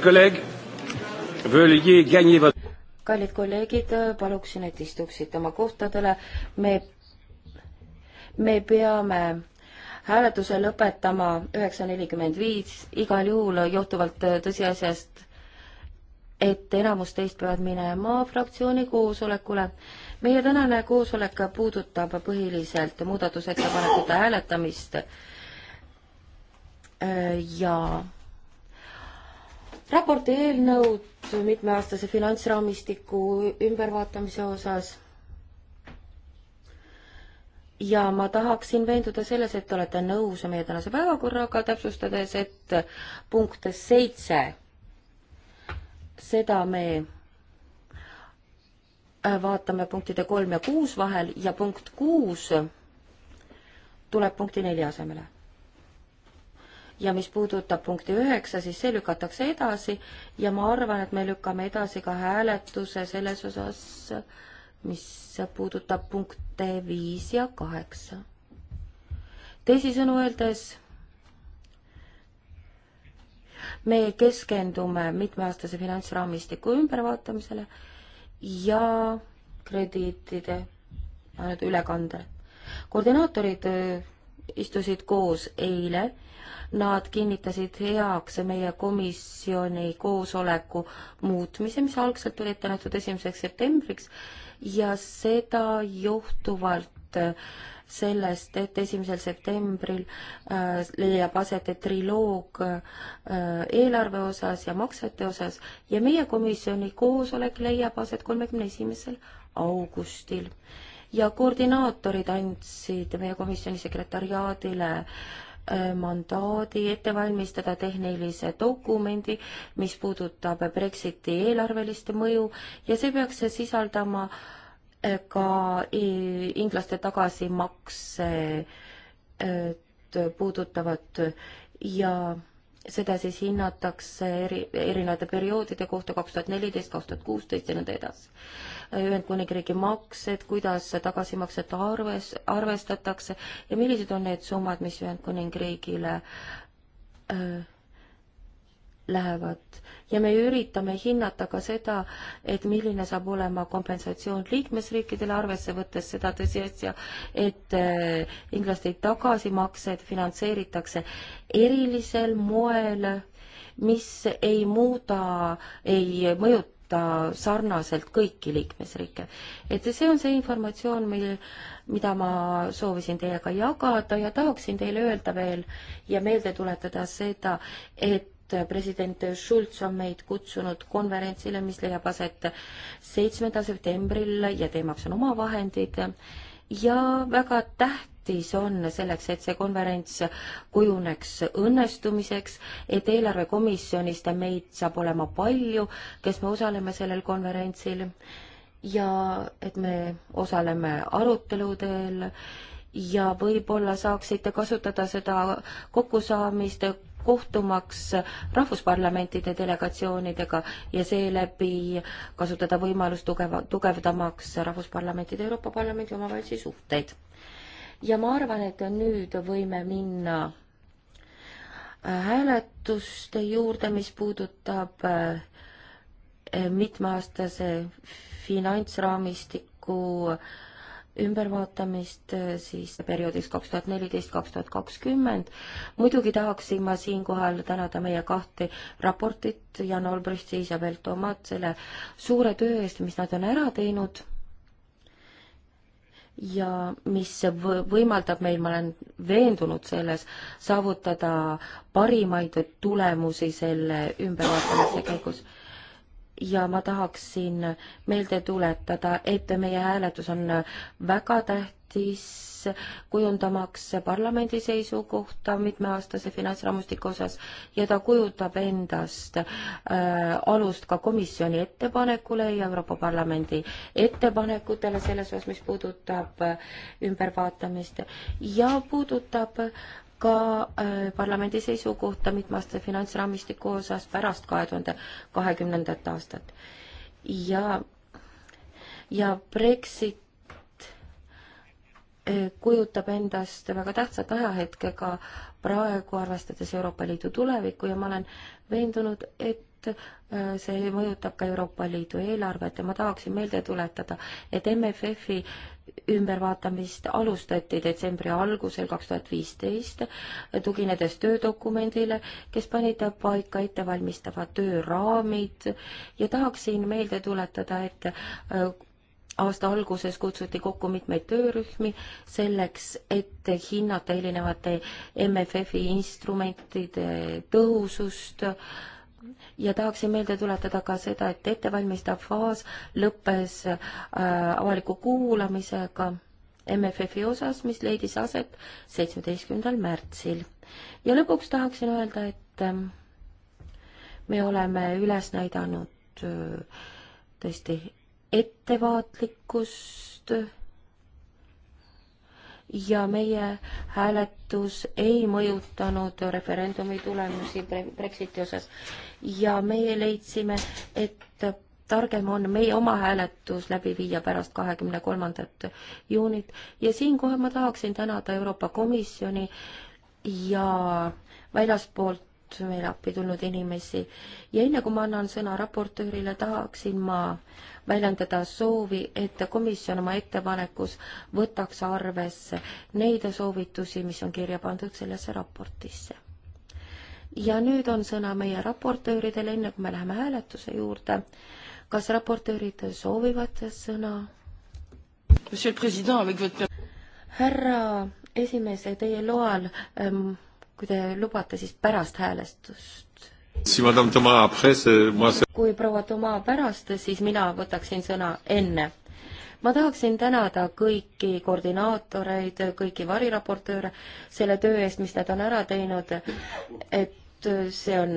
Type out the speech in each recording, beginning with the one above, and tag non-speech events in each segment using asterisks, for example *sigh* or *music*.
kallid kolleegid, paluksin, et istuksite oma kohtadele. me, me peame hääletuse lõpetama üheksa nelikümmend viis, igal juhul johtuvalt tõsiasjast, et enamus teist peavad minema fraktsiooni koosolekule. meie tänane koosolek puudutab põhiliselt muudatusettepanekute hääletamist Äh, ja raporti eelnõud mitmeaastase finantsraamistiku ümbervaatamise osas. ja ma tahaksin veenduda selles, et te olete nõus meie tänase päevakorraga, täpsustades, et punkt seitse, seda me äh, vaatame punktide kolm ja kuus vahel ja punkt kuus tuleb punkti neli asemele ja mis puudutab punkti üheksa, siis see lükatakse edasi ja ma arvan, et me lükkame edasi ka hääletuse selles osas, mis puudutab punkte viis ja kaheksa. teisisõnu öeldes, me keskendume mitmeaastase finantsraamistiku ümbervaatamisele ja krediitide ülekandele. koordinaatorid äh, istusid koos eile Nad kinnitasid heaks meie komisjoni koosoleku muutmise, mis algselt oli ette nähtud esimeseks septembriks ja seda johtuvalt sellest, et esimesel septembril äh, leiab aset triloog äh, eelarve osas ja maksete osas ja meie komisjoni koosolek leiab aset kolmekümne esimesel augustil ja koordinaatorid andsid meie komisjoni sekretariaadile Äh, mandaadi ette valmistada tehnilise dokumendi, mis puudutab Brexiti eelarvelist mõju ja see peaks sisaldama äh, ka inglaste tagasimakse äh, puudutavat ja seda siis hinnatakse eri, erinevate perioodide kohta, kaks tuhat neliteist, kaks tuhat kuusteist ja nõnda edasi. Ühendkuningriigi maksed, kuidas tagasimakset arves, arvestatakse ja millised on need summad, mis Ühendkuningriigile äh, lähevad ja me üritame hinnata ka seda, et milline saab olema kompensatsioon liikmesriikidele, arvesse võttes seda tõsiasja, et äh, inglaste tagasimaksed finantseeritakse erilisel moel, mis ei muuda, ei mõjuta sarnaselt kõiki liikmesriike. et see on see informatsioon, mil, mida ma soovisin teiega jagada ja tahaksin teile öelda veel ja meelde tuletada seda, et et president Schulz on meid kutsunud konverentsile, mis leiab aset seitsmendal septembril ja teemaks on omavahendid. ja väga tähtis on selleks, et see konverents kujuneks õnnestumiseks, et eelarvekomisjonist meid saab olema palju, kes me osaleme sellel konverentsil ja et me osaleme aruteludel ja võib-olla saaksite kasutada seda kokkusaamist kohtumaks rahvusparlamentide delegatsioonidega ja seeläbi kasutada võimalust tugeva, tugevdamaks rahvusparlamentide, Euroopa Parlamendi omavahelisi suhteid. ja ma arvan, et nüüd võime minna äh, hääletuste juurde, mis puudutab äh, mitmeaastase finantsraamistiku äh, ümbervaatamist äh, siis perioodiks kaks tuhat neliteist, kaks tuhat kakskümmend. muidugi tahaksin ma siinkohal tänada meie kahte raportit, Jan Olbrist ja Isabel Tomat selle suure töö eest, mis nad on ära teinud ja mis võimaldab meil, ma olen veendunud selles, saavutada parimaid tulemusi selle ümbervaatamise käigus ja ma tahaksin meelde tuletada, et meie hääletus on väga tähtis, kujundamaks parlamendi seisukohta mitmeaastase finantsraamistiku osas ja ta kujutab endast äh, alust ka komisjoni ettepanekule ja Euroopa Parlamendi ettepanekutele selles osas, mis puudutab äh, ümbervaatamist ja puudutab äh, ka äh, parlamendi seisukohta mitmeaastase finantsraamistiku osas pärast kahe tuhande kahekümnendat aastat. ja, ja Brexit äh, kujutab endast väga tähtsat ajahetke ka praegu, arvestades Euroopa Liidu tulevikku ja ma olen veendunud, et et äh, see mõjutab ka Euroopa Liidu eelarvet ja ma tahaksin meelde tuletada, et MFF-i ümbervaatamist alustati detsembri algusel kaks tuhat viisteist, tuginedes töödokumendile, kes panid paika ettevalmistava tööraamid ja tahaksin meelde tuletada, et äh, aasta alguses kutsuti kokku mitmeid töörühmi selleks, et hinnata erinevate MFF-i instrumentide tõhusust äh, ja tahaksin meelde tuletada ka seda, et ettevalmistav faas lõppes äh, avaliku kuulamisega MFF-i osas, mis leidis aset seitsmeteistkümnendal märtsil. ja lõpuks tahaksin öelda, et äh, me oleme üles näidanud äh, tõesti ettevaatlikkust äh, ja meie hääletus ei mõjutanud referendumi tulemusi Brexiti osas. ja meie leidsime, et targem on meie oma hääletus läbi viia pärast kahekümne kolmandat juunit ja siinkohal ma tahaksin tänada Euroopa Komisjoni ja väljaspoolt olnud meile appi tulnud inimesi ja enne kui ma annan sõna raportöörile, tahaksin ma väljendada soovi, et komisjon oma ettepanekus võtaks arvesse neid soovitusi, mis on kirja pandud sellesse raportisse. ja nüüd on sõna meie raportööridele, enne kui me läheme hääletuse juurde. kas raportöörid soovivad sõna? härra esimees, teie loal ähm, kui te lubate, siis pärast häälestust. kui proua Toma pärast, siis mina võtaksin sõna enne. ma tahaksin tänada kõiki koordinaatoreid, kõiki variraportööre selle töö eest, mis nad on ära teinud, et see on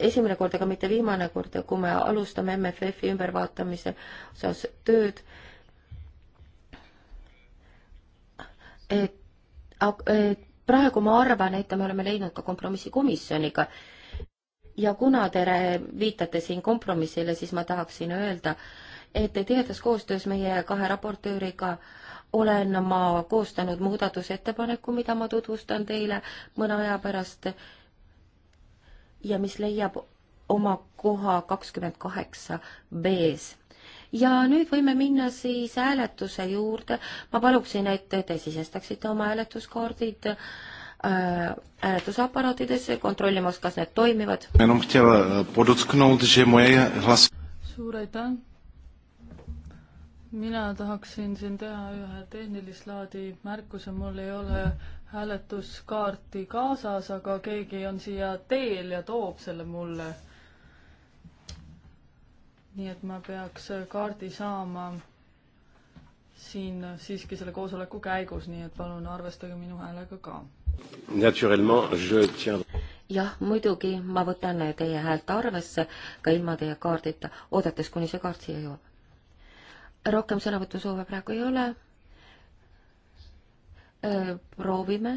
esimene kord, aga mitte viimane kord, kui me alustame MFF-i ümbervaatamise osas tööd, et, et praegu ma arvan, et me oleme leidnud ka kompromissi komisjoniga. ja kuna te viitate siin kompromissile, siis ma tahaksin öelda, et tihedas koostöös meie kahe raportööriga olen ma koostanud muudatusettepaneku, mida ma tutvustan teile mõne aja pärast ja mis leiab oma koha kakskümmend kaheksa B-s ja nüüd võime minna siis hääletuse juurde. ma paluksin, et te sisestaksite oma hääletuskaardid äh, hääletusaparaatidesse, kontrollimaks, kas need toimivad. E, suur aitäh. mina tahaksin siin teha ühe tehnilist laadi märkuse, mul ei ole hääletuskaarti kaasas, aga keegi on siia teel ja toob selle mulle nii et ma peaks äh, kaardi saama siin äh, siiski selle koosoleku käigus, nii et palun arvestage minu häälega ka. jah, muidugi ma võtan äh, teie häält arvesse ka ilma teie kaardita, oodates, kuni see kaart siia jõuab. rohkem sõnavõtusoove praegu ei ole. proovime,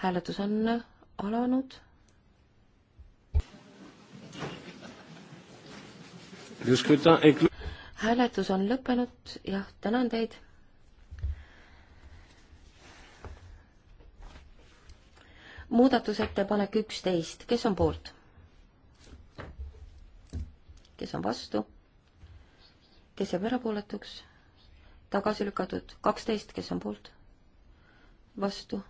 hääletus on alanud hääletus on lõppenud, jah, tänan teid. muudatusettepanek üksteist, kes on poolt? kes on vastu? kes jääb erapooletuks? tagasi lükatud kaksteist, kes on poolt? vastu?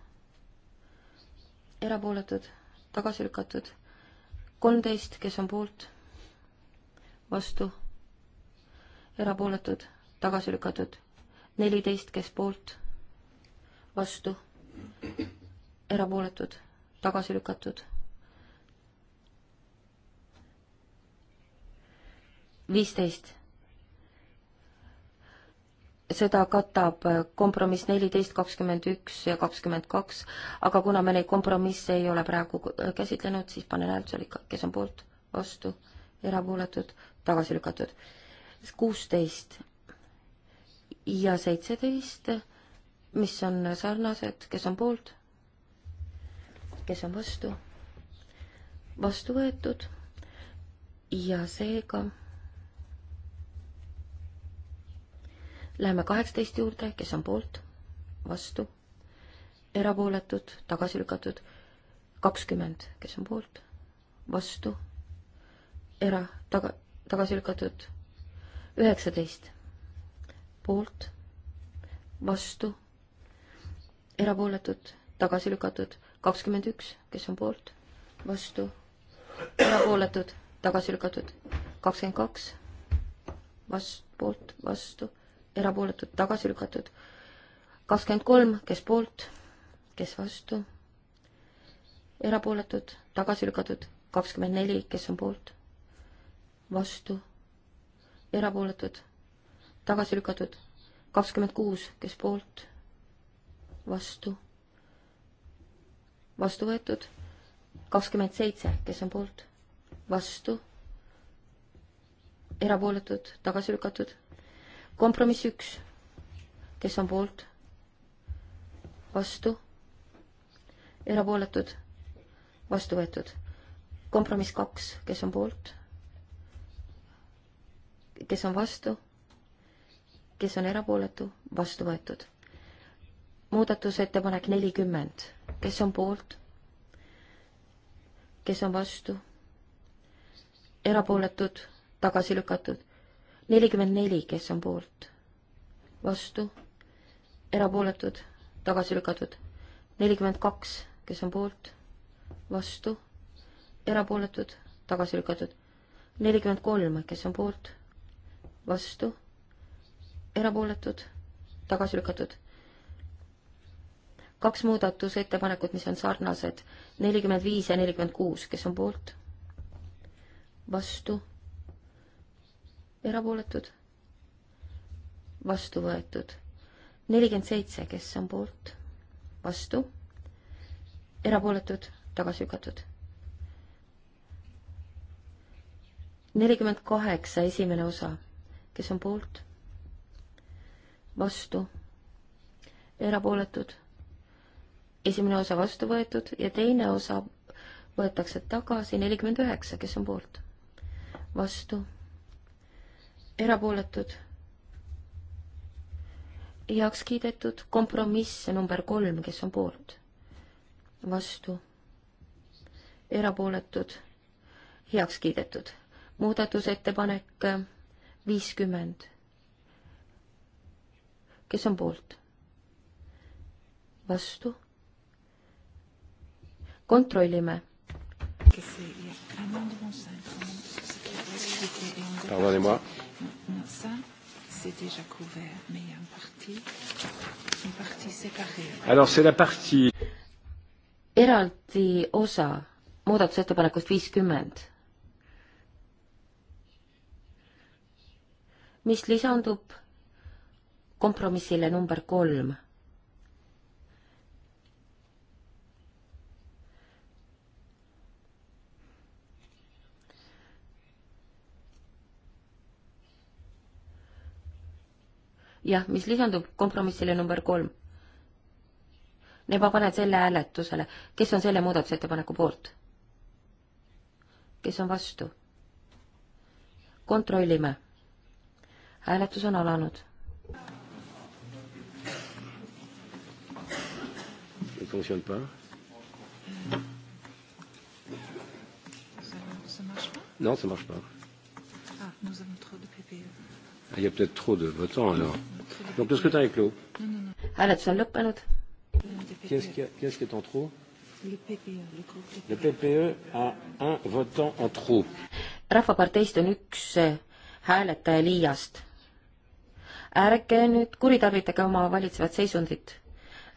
erapooletud? tagasi lükatud kolmteist, kes on poolt? vastu, erapooletud, tagasi lükatud. neliteist, kes poolt, vastu, erapooletud, tagasi lükatud. viisteist. seda katab kompromiss neliteist, kakskümmend üks ja kakskümmend kaks, aga kuna me neid kompromisse ei ole praegu käsitlenud, siis panen hääletusele ikka, kes on poolt, vastu erapooletud, tagasi lükatud. kuusteist ja seitseteist, mis on sarnased, kes on poolt, kes on vastu, vastu võetud ja seega läheme kaheksateist juurde, kes on poolt, vastu, erapooletud, tagasi lükatud, kakskümmend, kes on poolt, vastu era-, taga, tagasi lükatud. üheksateist poolt, vastu, erapooletud, tagasi lükatud. kakskümmend üks, kes on poolt, vastu, erapooletud, tagasi lükatud. kakskümmend kaks, vast-, poolt, vastu, erapooletud, tagasi lükatud. kakskümmend kolm, kes poolt, kes vastu, erapooletud, tagasi lükatud. kakskümmend neli, kes on poolt vastu, erapooletud, tagasi lükatud, kakskümmend kuus, kes poolt, vastu, vastu võetud, kakskümmend seitse, kes on poolt, vastu, erapooletud, tagasi lükatud, kompromiss üks, kes on poolt, vastu, erapooletud, vastu võetud, kompromiss kaks, kes on poolt kes on vastu, kes on erapooletu, vastu võetud. muudatusettepanek nelikümmend, kes on poolt, kes on vastu, erapooletud, tagasi lükatud. nelikümmend neli, kes on poolt, vastu, erapooletud, tagasi lükatud. nelikümmend kaks, kes on poolt, vastu, erapooletud, tagasi lükatud. nelikümmend kolm, kes on poolt vastu, erapooletud, tagasi lükatud. kaks muudatusettepanekut, mis on sarnased, nelikümmend viis ja nelikümmend kuus, kes on poolt, vastu, erapooletud, vastu võetud. nelikümmend seitse, kes on poolt, vastu, erapooletud, tagasi lükatud nelikümmend kaheksa, esimene osa kes on poolt, vastu, erapooletud, esimene osa vastu võetud ja teine osa võetakse tagasi, nelikümmend üheksa, kes on poolt, vastu, erapooletud, heaks kiidetud, kompromiss number kolm, kes on poolt, vastu, erapooletud, heaks kiidetud muudatusettepanek viiskümmend. kes on poolt? vastu? kontrollime. Pardonnez-moi. Alors c'est la partie. eraldi osa muudatusettepanekust viiskümmend mis lisandub kompromissile number kolm. jah, mis lisandub kompromissile number kolm. nüüd ma panen selle hääletusele, kes on selle muudatusettepaneku poolt? kes on vastu? kontrollime hääletus on alanud. ei funktsioon pa-? Non, ça marche pas. Ah, nous avons trop de PPE. Ah, il y a peut-être trop de votants alors. Donc le scrutin est clos. Hääletus on lõppenud. Qu'est-ce qui est en trop Le PPE, le groupe PPE. Le PPE a un votant en trop. rahvaparteist on üks eh, hääletaja liiast ärge nüüd kuritarvitage oma valitsevat seisundit.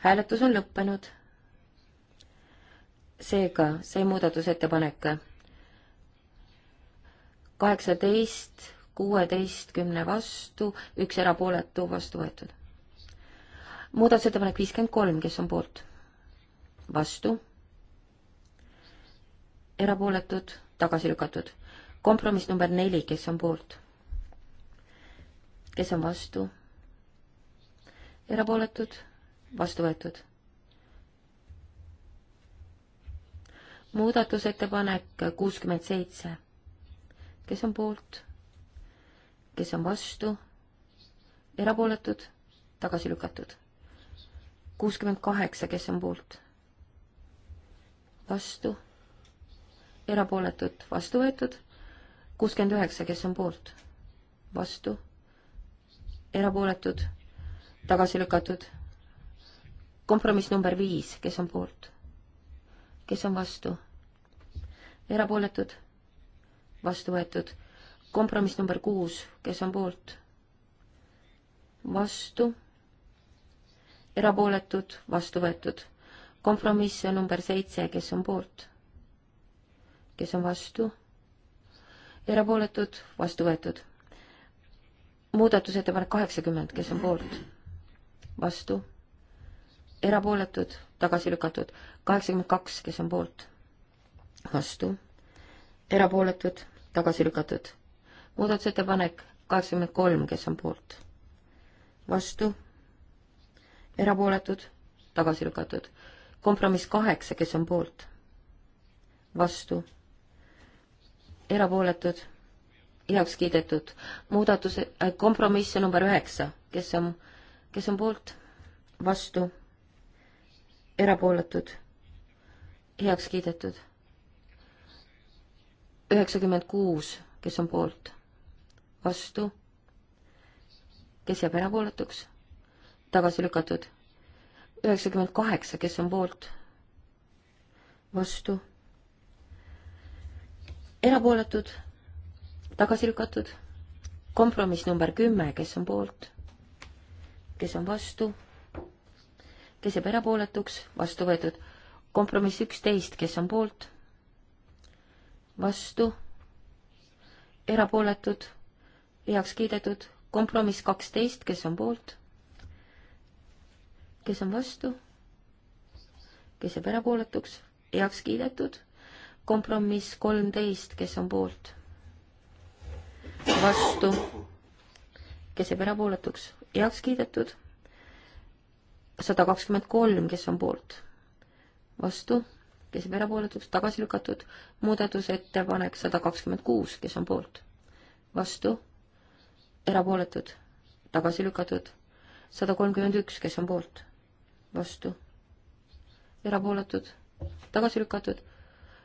hääletus on lõppenud. seega see muudatusettepanek kaheksateist, kuueteistkümne vastu, üks erapooletu vastu võetud. muudatusettepanek viiskümmend kolm, kes on poolt? vastu? erapooletud, tagasi lükatud. kompromiss number neli, kes on poolt? kes on vastu? erapooletud, vastu võetud. muudatusettepanek kuuskümmend seitse. kes on poolt? kes on vastu? erapooletud, tagasi lükatud. kuuskümmend kaheksa, kes on poolt? vastu, erapooletud, vastu võetud. kuuskümmend üheksa, kes on poolt? vastu erapooletud, tagasi lükatud. kompromiss number viis, kes on poolt? kes on vastu? erapooletud, vastu võetud. kompromiss number kuus, kes on poolt? vastu, erapooletud, vastu võetud. kompromiss number seitse, kes on poolt? kes on vastu? erapooletud, vastu võetud muudatusettepanek kaheksakümmend, kes on poolt? vastu? erapooletud? tagasi lükatud? kaheksakümmend kaks, kes on poolt? vastu? erapooletud? tagasi lükatud? muudatusettepanek kaheksakümmend kolm, kes on poolt? vastu? erapooletud? tagasi lükatud? kompromiss kaheksa, kes on poolt? vastu? erapooletud? heaks kiidetud. muudatuse äh,, kompromiss number üheksa, kes on, kes on poolt, vastu, erapooletud, heaks kiidetud. üheksakümmend kuus, kes on poolt, vastu, kes jääb erapooletuks, tagasi lükatud. üheksakümmend kaheksa, kes on poolt, vastu, erapooletud tagasi lükatud. kompromiss number kümme, kes on poolt, kes on vastu, kes jääb erapooletuks, vastu võetud. kompromiss üksteist, kes on poolt, vastu, erapooletud, heaks kiidetud. kompromiss kaksteist, kes on poolt, kes on vastu, kes jääb erapooletuks, heaks kiidetud. kompromiss kolmteist, kes on poolt vastu, kes jääb erapooletuks, heaks kiidetud. sada kakskümmend kolm, kes on poolt, vastu, kes jääb erapooletuks, tagasi lükatud. muudatusettepanek sada kakskümmend kuus, kes on poolt, vastu, erapooletud, tagasi lükatud. sada kolmkümmend üks, kes on poolt, vastu, erapooletud, tagasi lükatud.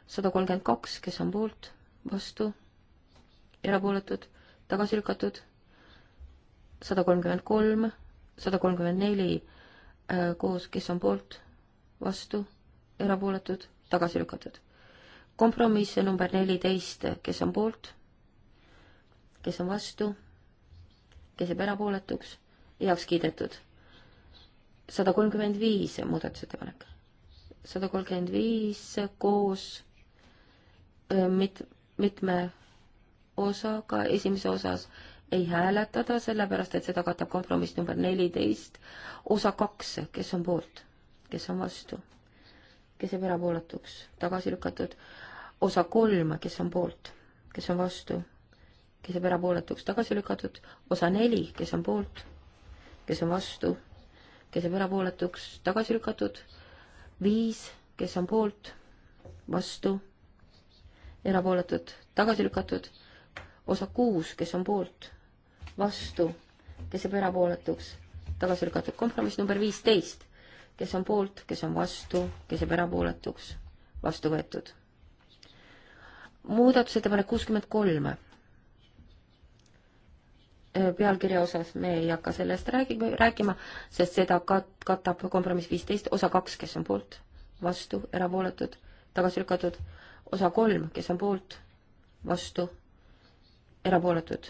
sada kolmkümmend kaks, kes on poolt, vastu erapooletud, tagasi lükatud, sada kolmkümmend kolm, sada kolmkümmend neli äh, koos, kes on poolt, vastu, erapooletud, tagasi lükatud. kompromiss number neliteist, kes on poolt, kes on vastu, kes jääb erapooletuks, heaks kiidetud. sada kolmkümmend viis muudatusettepanek, sada kolmkümmend viis koos äh, mit-, mitme osaga, esimese osas ei hääletada, sellepärast et seda katab kompromiss number neliteist, osa kaks, kes on poolt, kes on vastu, kes jääb erapooletuks, tagasi lükatud, osa kolm, kes on poolt, kes on vastu, kes jääb erapooletuks, tagasi lükatud, osa neli, kes on poolt, kes on vastu, kes jääb erapooletuks, tagasi lükatud, viis, kes on poolt, vastu, erapooletud, tagasi lükatud osa kuus, kes on poolt, vastu, kes jääb erapooletuks, tagasi lükatud. kompromiss number viisteist, kes on poolt, kes on vastu, kes jääb erapooletuks, vastu võetud. muudatusettepanek kuuskümmend kolm äh, pealkirja osas me ei hakka sellest räägime, rääkima, sest seda kat-, katab kompromiss viisteist, osa kaks, kes on poolt, vastu, erapooletud, tagasi lükatud, osa kolm, kes on poolt, vastu, erapooletud,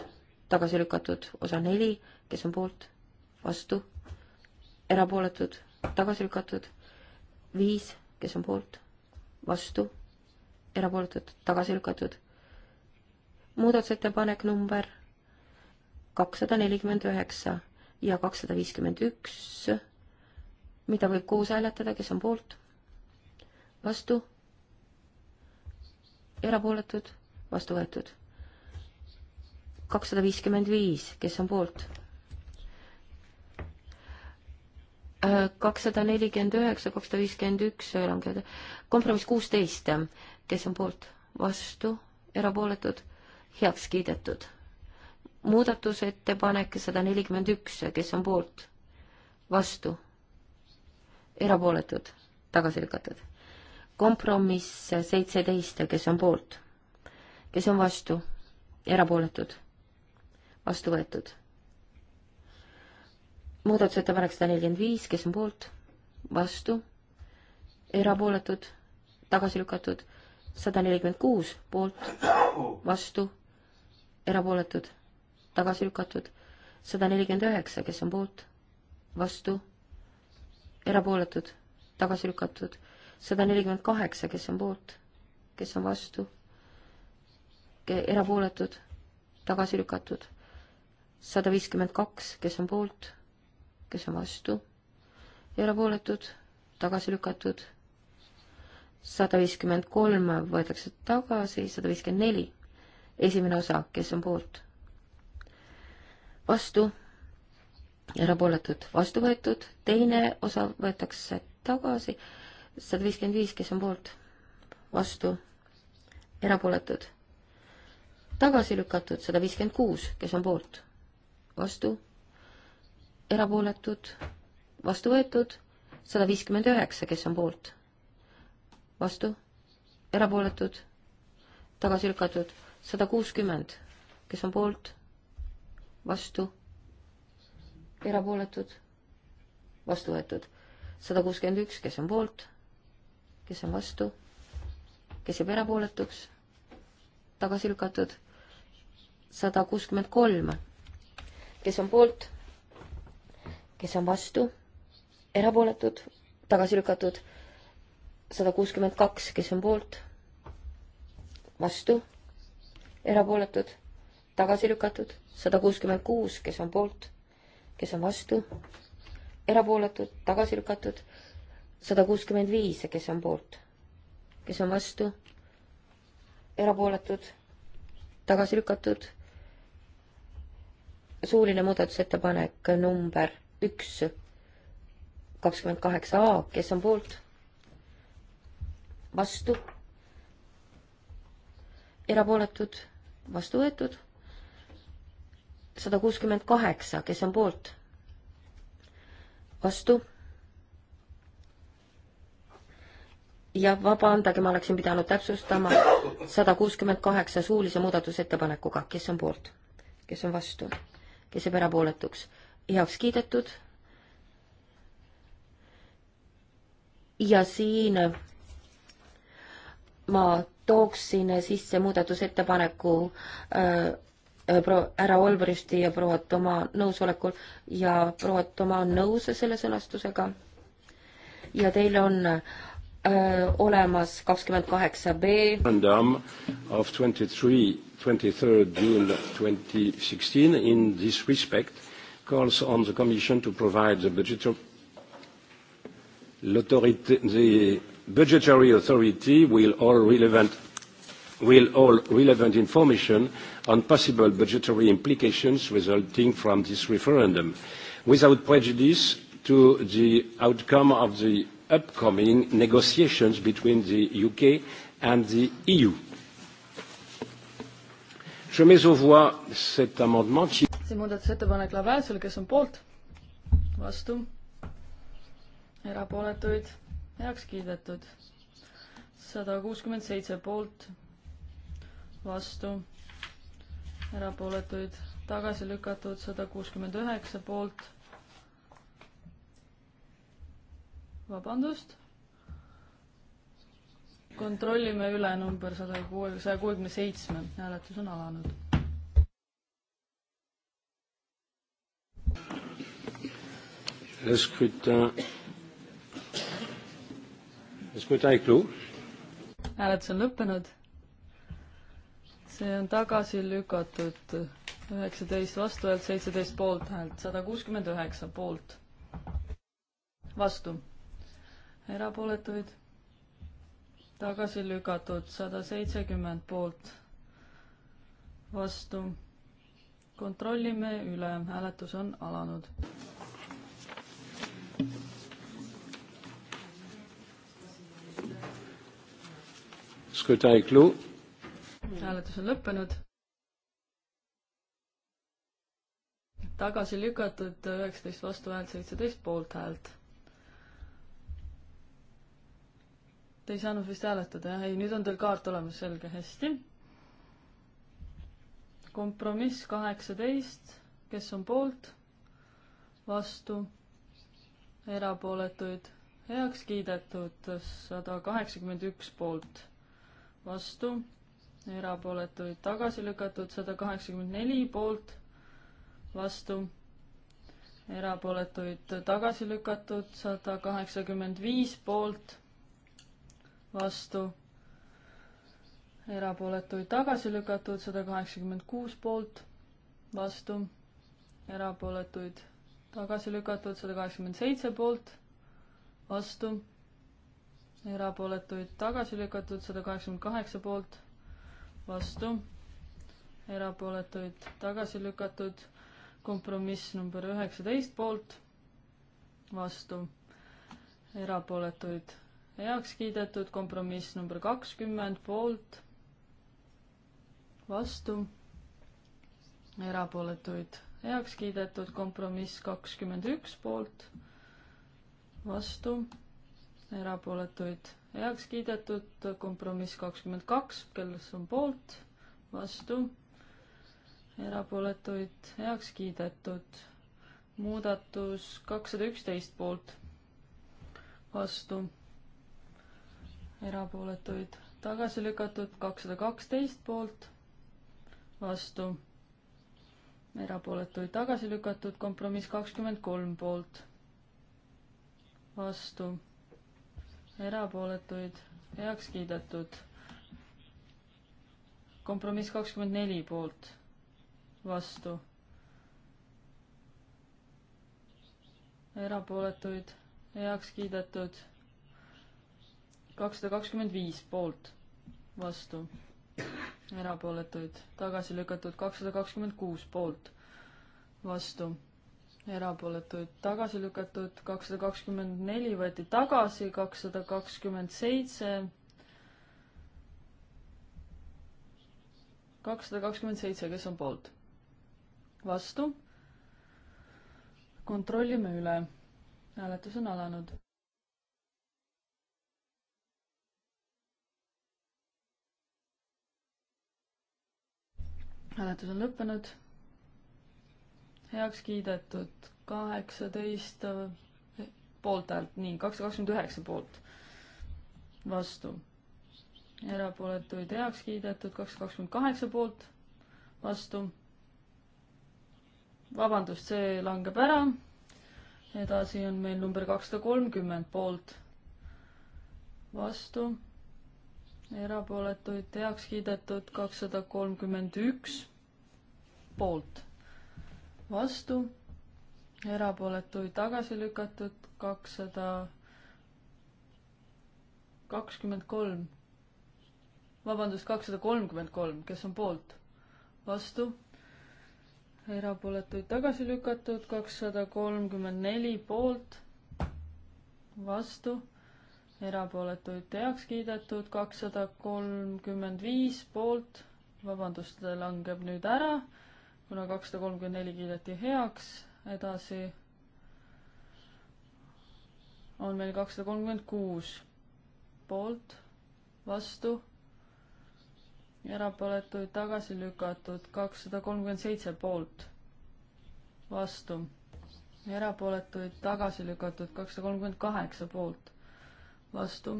tagasi lükatud, osa neli, kes on poolt, vastu, erapooletud, tagasi lükatud, viis, kes on poolt, vastu, erapooletud, tagasi lükatud. muudatusettepanek number kakssada nelikümmend üheksa ja kakssada viiskümmend üks, mida võib koos hääletada, kes on poolt, vastu, erapooletud, vastu võetud kakssada viiskümmend viis, kes on poolt? Äh, kakssada nelikümmend üheksa, kakssada viiskümmend üks langevad. kompromiss kuusteist, kes on poolt? vastu, erapooletud, heaks kiidetud. muudatusettepanek sada nelikümmend üks, kes on poolt? vastu, erapooletud, tagasi lükatud. kompromiss seitseteist, kes on poolt? kes on vastu? erapooletud vastu võetud. muudatusettepanek sada nelikümmend viis, kes on poolt, vastu, erapooletud, tagasi lükatud, sada nelikümmend kuus poolt, vastu, erapooletud, tagasi lükatud, sada nelikümmend üheksa, kes on poolt, vastu, erapooletud, tagasi lükatud, sada nelikümmend kaheksa, kes on poolt, kes on vastu erapooletud, tagasi lükatud sada viiskümmend kaks, kes on poolt, kes on vastu, erapooletud, tagasi lükatud, sada viiskümmend kolm võetakse tagasi, sada viiskümmend neli, esimene osa, kes on poolt, vastu, erapooletud, vastu võetud, teine osa võetakse tagasi, sada viiskümmend viis, kes on poolt, vastu, erapooletud, tagasi lükatud, sada viiskümmend kuus, kes on poolt vastu, erapooletud, vastu võetud, sada viiskümmend üheksa, kes on poolt, vastu, erapooletud, tagasi lükatud, sada kuuskümmend, kes on poolt, vastu, erapooletud, vastu võetud, sada kuuskümmend üks, kes on poolt, kes on vastu, kes jääb erapooletuks, tagasi lükatud, sada kuuskümmend kolm kes on poolt, kes on vastu, erapooletud, tagasi lükatud, sada kuuskümmend kaks, kes on poolt, vastu, erapooletud, tagasi lükatud, sada kuuskümmend kuus, kes on poolt, kes on vastu, erapooletud, tagasi lükatud, sada kuuskümmend viis, kes on poolt, kes on vastu, erapooletud, tagasi lükatud suuline muudatusettepanek number üks, kakskümmend kaheksa A, kes on poolt? vastu? erapooletud? vastu võetud? sada kuuskümmend kaheksa, kes on poolt? vastu? jah, vabandage, ma oleksin pidanud täpsustama sada kuuskümmend kaheksa suulise muudatusettepanekuga, kes on poolt, kes on vastu? kes jääb erapooletuks, heaks kiidetud. ja siin ma tooksin sisse muudatusettepaneku äh, äh, pro-, härra Olbristi ja proua Toma nõusolekul ja proua Toma on nõus selle sõnastusega. ja teil on Äh, olemas kakskümmend kaheksa B. Of twenty three, twenty third June twenty sixteen in this respect calls on the Commission to provide the budgetary the budgetary authority will all relevant will all relevant information on possible budgetary implications resulting from this referendum without prejudice to the outcome of the upcoming negotiations between the UK and the EU. Je mets aux voix cet amendement. see muudatusettepanek läheb hääletusele, kes on poolt? vastu? erapooletuid? heaks kiidetud. sada kuuskümmend seitse poolt, vastu, erapooletuid tagasi lükatud, sada kuuskümmend üheksa poolt vabandust. kontrollime üle number sada kuue, saja kuuekümne seitsme, hääletus on alanud. Le scrutin, le scrutin est clos. hääletus on lõppenud. see on tagasi lükatud üheksateist vastuhäält, seitseteist poolthäält, sada kuuskümmend üheksa poolt. vastu erapooletuid, tagasi lükatud sada seitsekümmend poolt, vastu. kontrollime üle, hääletus on alanud. hääletus on lõppenud. tagasi lükatud üheksateist vastuhäält, seitseteist poolthäält Te ei saanud vist hääletada, jah? ei, nüüd on teil kaart olemas, selge, hästi. kompromiss kaheksateist, kes on poolt, vastu, erapooletuid, heaks kiidetud sada kaheksakümmend üks poolt, vastu, erapooletuid tagasi lükatud sada kaheksakümmend neli poolt, vastu erapooletuid tagasi lükatud, sada kaheksakümmend viis poolt, vastu, erapooletuid tagasi lükatud, sada kaheksakümmend kuus poolt, vastu, erapooletuid tagasi lükatud, sada kaheksakümmend seitse poolt, vastu, erapooletuid tagasi lükatud, sada kaheksakümmend kaheksa poolt, vastu, erapooletuid tagasi lükatud, kompromiss number üheksateist poolt, vastu, erapooletuid heaks kiidetud, kompromiss number kakskümmend poolt, vastu, erapooletuid heaks kiidetud, kompromiss kakskümmend üks poolt, vastu, erapooletuid heaks kiidetud, kompromiss kakskümmend kaks, kes on poolt, vastu, erapooletuid heaks kiidetud, muudatus kakssada üksteist poolt, vastu erapooletuid tagasi lükatud, kakssada kaksteist poolt, vastu, erapooletuid tagasi lükatud, kompromiss kakskümmend kolm poolt, vastu, erapooletuid heaks kiidetud, kompromiss kakskümmend neli poolt, vastu, erapooletuid heaks kiidetud kakssada kakskümmend viis poolt, vastu, erapooletuid, tagasi lükatud kakssada kakskümmend kuus poolt, vastu, erapooletuid, tagasi lükatud kakssada kakskümmend neli võeti tagasi, kakssada kakskümmend seitse, kakssada kakskümmend seitse, kes on poolt? vastu. kontrollime üle. hääletus on alanud. hääletus on lõppenud. heaks kiidetud kaheksateist eh, poolthäält, nii, kakssada kakskümmend üheksa poolt, vastu. erapooletuid heaks kiidetud kakssada kakskümmend kaheksa poolt, vastu. vabandust, see langeb ära. edasi on meil number kakssada kolmkümmend poolt, vastu erapooletuid heaks kiidetud kakssada kolmkümmend üks poolt, vastu, erapooletuid tagasi lükatud kakssada kakskümmend kolm, vabandust, kakssada kolmkümmend kolm, kes on poolt, vastu, erapooletuid tagasi lükatud kakssada kolmkümmend neli poolt, vastu erapooletuid heaks kiidetud, kakssada kolmkümmend viis poolt, vabandust, langeb nüüd ära, kuna kakssada kolmkümmend neli kiideti heaks, edasi on meil kakssada kolmkümmend kuus poolt, vastu, erapooletuid tagasi lükatud, kakssada kolmkümmend seitse poolt, vastu, erapooletuid tagasi lükatud, kakssada kolmkümmend kaheksa poolt vastu,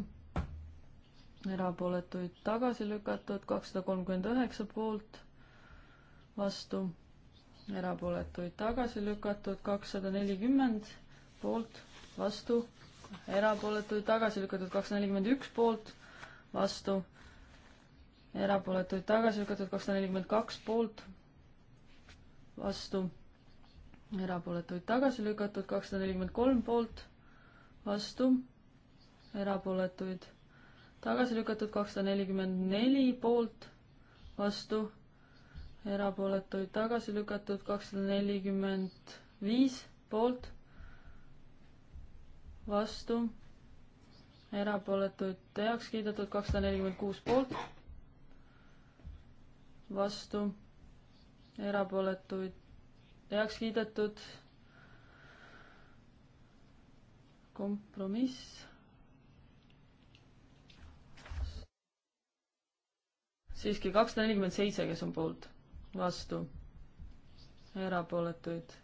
erapooletuid tagasi lükatud, kakssada kolmkümmend üheksa poolt, vastu, erapooletuid tagasi lükatud, kakssada nelikümmend poolt, vastu, erapooletuid tagasi lükatud, kakssada nelikümmend üks poolt, vastu, erapooletuid tagasi lükatud, kakssada nelikümmend kaks poolt, vastu, erapooletuid tagasi lükatud, kakssada nelikümmend kolm poolt, vastu erapooletuid tagasi lükatud, kakssada nelikümmend neli poolt, vastu, erapooletuid tagasi lükatud, kakssada nelikümmend viis poolt, vastu, erapooletuid heaks kiidetud, kakssada nelikümmend kuus poolt, vastu, erapooletuid heaks kiidetud, kompromiss siiski kakssada nelikümmend seitse, kes on poolt, vastu, erapooletuid,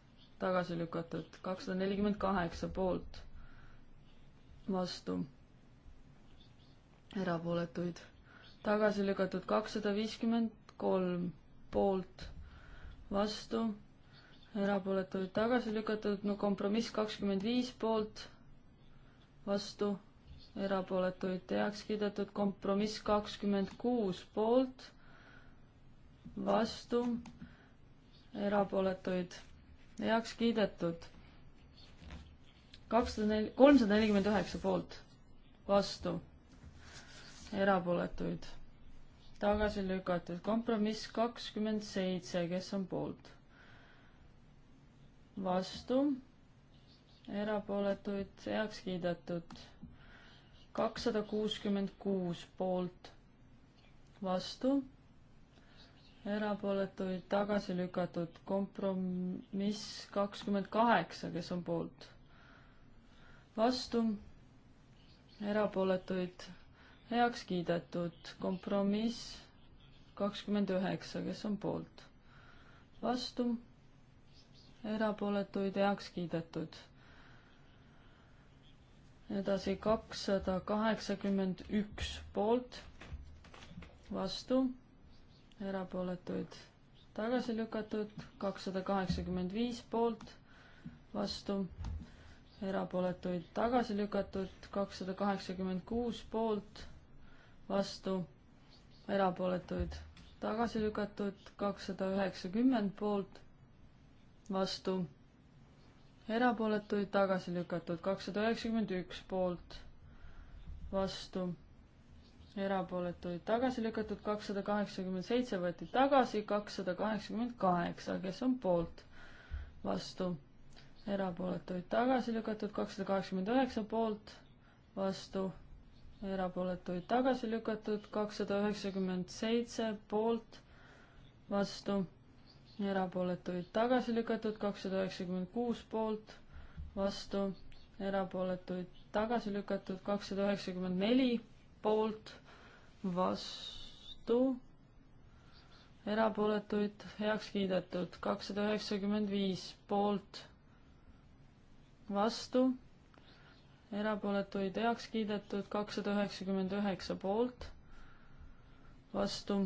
tagasi lükatud, kakssada nelikümmend kaheksa poolt, vastu, erapooletuid, tagasi lükatud, kakssada viiskümmend kolm poolt, vastu, erapooletuid tagasi lükatud, no kompromiss kakskümmend viis poolt, vastu erapooletuid heaks kiidetud, kompromiss kakskümmend kuus poolt, vastu, erapooletuid heaks kiidetud. kakssada nel-, kolmsada nelikümmend üheksa poolt, vastu, erapooletuid tagasi lükatud, kompromiss kakskümmend seitse, kes on poolt? vastu, erapooletuid heaks kiidetud kakssada kuuskümmend kuus poolt, vastu, erapooletuid tagasi lükatud, kompromiss kakskümmend kaheksa, kes on poolt, vastu, erapooletuid heaks kiidetud, kompromiss kakskümmend üheksa, kes on poolt, vastu, erapooletuid heaks kiidetud edasi kakssada kaheksakümmend üks poolt, vastu, erapooletuid tagasi lükatud, kakssada kaheksakümmend viis poolt, vastu, erapooletuid tagasi lükatud, kakssada kaheksakümmend kuus poolt, vastu, erapooletuid tagasi lükatud, kakssada üheksakümmend poolt, vastu erapooletuid tagasi lükatud, kakssada üheksakümmend üks poolt, vastu, erapooletuid tagasi lükatud, kakssada kaheksakümmend seitse võeti tagasi, kakssada kaheksakümmend kaheksa, kes on poolt, vastu, erapooletuid tagasi lükatud, kakssada kaheksakümmend üheksa poolt, vastu, erapooletuid tagasi lükatud, kakssada üheksakümmend seitse poolt, vastu erapooletuid tagasi lükatud, kakssada üheksakümmend kuus poolt, vastu, erapooletuid tagasi lükatud, kakssada üheksakümmend neli poolt, vastu, erapooletuid heaks kiidetud, kakssada üheksakümmend viis poolt, vastu, erapooletuid heaks kiidetud, kakssada üheksakümmend üheksa poolt, vastu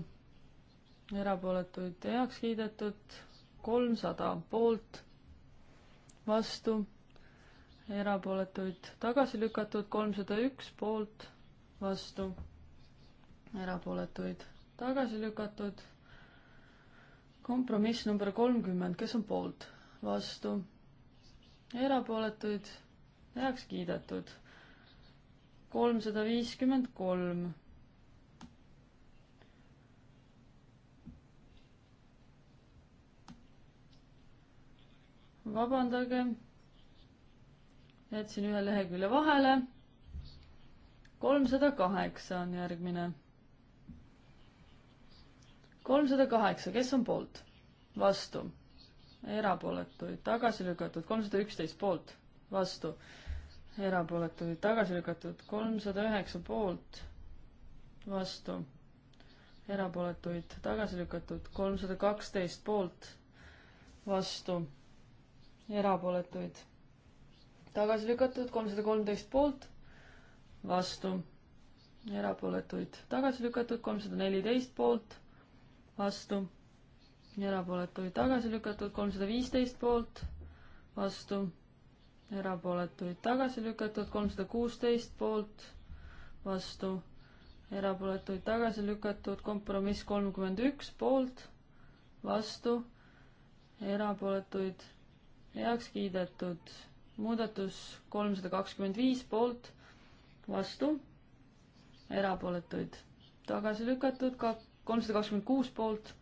erapooletuid heaks kiidetud, kolmsada poolt, vastu, erapooletuid tagasi lükatud, kolmsada üks poolt, vastu, erapooletuid tagasi lükatud, kompromiss number kolmkümmend, kes on poolt, vastu, erapooletuid heaks kiidetud, kolmsada viiskümmend kolm vabandage, jätsin ühe lehekülje vahele. kolmsada kaheksa on järgmine. kolmsada kaheksa, kes on poolt? vastu. erapooletuid, tagasi lükatud, kolmsada üksteist poolt, vastu. erapooletuid, tagasi lükatud, kolmsada üheksa poolt, vastu. erapooletuid, tagasi lükatud, kolmsada kaksteist poolt, vastu erapooletuid tagasi lükatud, kolmsada kolmteist poolt, vastu, erapooletuid tagasi lükatud, kolmsada neliteist poolt, vastu, erapooletuid tagasi lükatud, kolmsada viisteist poolt, vastu, erapooletuid tagasi lükatud, kolmsada kuusteist poolt, vastu, erapooletuid tagasi lükatud, kompromiss kolmkümmend üks poolt, vastu, erapooletuid heaks kiidetud. muudatus kolmsada kakskümmend viis poolt, vastu, erapooletuid tagasi lükatud, ka kolmsada kakskümmend kuus poolt,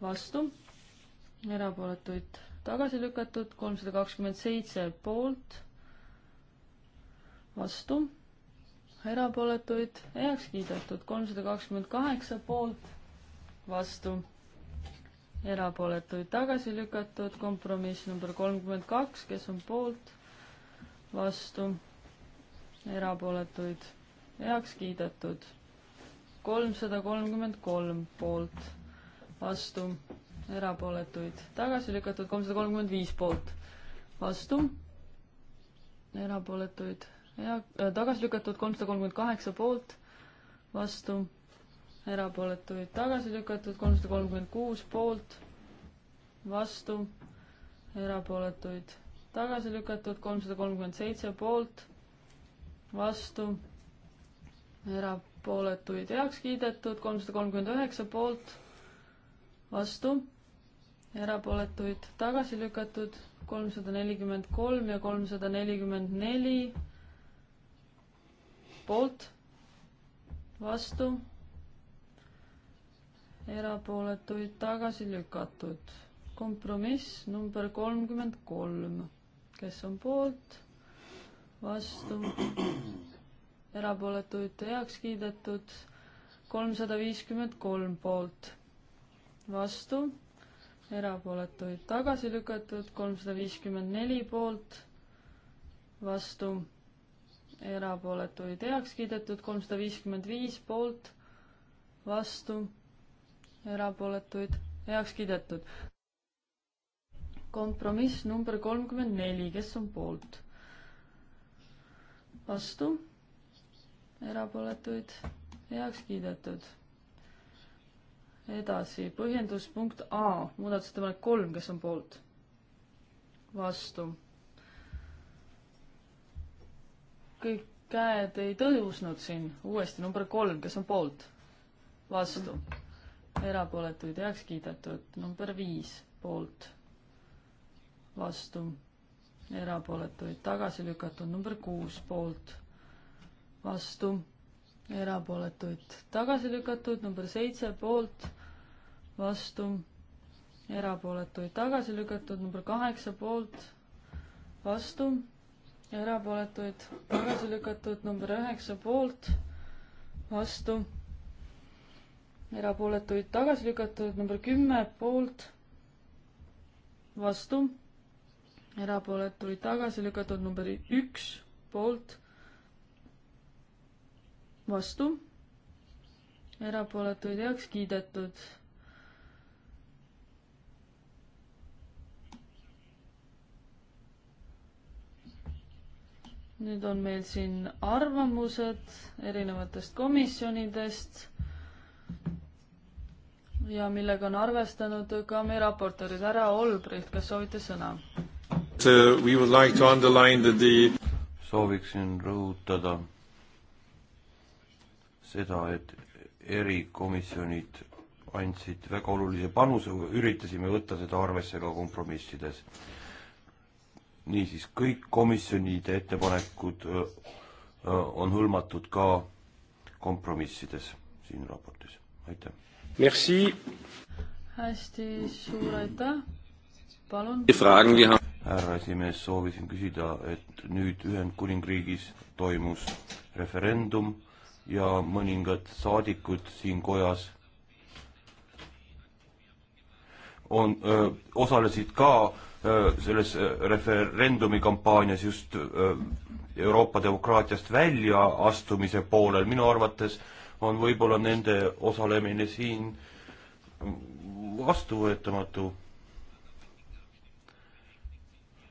vastu, erapooletuid tagasi lükatud, kolmsada kakskümmend seitse poolt, vastu, erapooletuid heaks kiidetud, kolmsada kakskümmend kaheksa poolt, vastu erapooletuid tagasi lükatud, kompromiss number kolmkümmend kaks, kes on poolt, vastu, erapooletuid heaks kiidetud. kolmsada kolmkümmend kolm poolt, vastu, erapooletuid tagasi lükatud, kolmsada kolmkümmend viis poolt, vastu, erapooletuid ja äh, tagasi lükatud, kolmsada kolmkümmend kaheksa poolt, vastu erapooletuid tagasi lükatud, kolmsada kolmkümmend kuus poolt, vastu, erapooletuid tagasi lükatud, kolmsada kolmkümmend seitse poolt, vastu, erapooletuid heaks kiidetud, kolmsada kolmkümmend üheksa poolt, vastu, erapooletuid tagasi lükatud, kolmsada nelikümmend kolm ja kolmsada nelikümmend neli poolt, vastu erapooletuid tagasi lükatud. kompromiss number kolmkümmend kolm, kes on poolt, vastu, *clears throat* erapooletuid heaks kiidetud, kolmsada viiskümmend kolm poolt, vastu, erapooletuid tagasi lükatud, kolmsada viiskümmend neli poolt, vastu, erapooletuid heaks kiidetud, kolmsada viiskümmend viis poolt, vastu erapooletuid heaks kiidetud. kompromiss number kolmkümmend neli, kes on poolt? vastu, erapooletuid heaks kiidetud. edasi, põhjenduspunkt A, muudatusettepanek kolm, kes on poolt? vastu. kõik käed ei tõusnud siin, uuesti number kolm, kes on poolt? vastu mm. -hmm erapooletuid heaks kiidetud, number viis poolt, vastu, erapooletuid tagasi lükatud, number kuus poolt, vastu, erapooletuid tagasi lükatud, number seitse poolt, vastu, erapooletuid tagasi lükatud, number kaheksa poolt, vastu, erapooletuid tagasi lükatud, number üheksa poolt, vastu erapooletuid tagasi lükatud, number kümme poolt, vastu, erapooletuid tagasi lükatud, number üks poolt, vastu, erapooletuid heaks kiidetud nüüd on meil siin arvamused erinevatest komisjonidest ja millega on arvestanud ka meie raportöörid. härra Olbrecht, kas soovite sõna? sooviksin rõhutada seda, et erikomisjonid andsid väga olulise panuse, üritasime võtta seda arvesse ka kompromissides. niisiis, kõik komisjonide ettepanekud on hõlmatud ka kompromissides siin raportis, aitäh. Merci. hästi, suur aitäh, palun. härra esimees, soovisin küsida, et nüüd Ühendkuningriigis toimus referendum ja mõningad saadikud siin kojas on, osalesid ka öö, selles referendumi kampaanias just öö, Euroopa demokraatiast väljaastumise poolel, minu arvates on võib-olla nende osalemine siin vastuvõetamatu.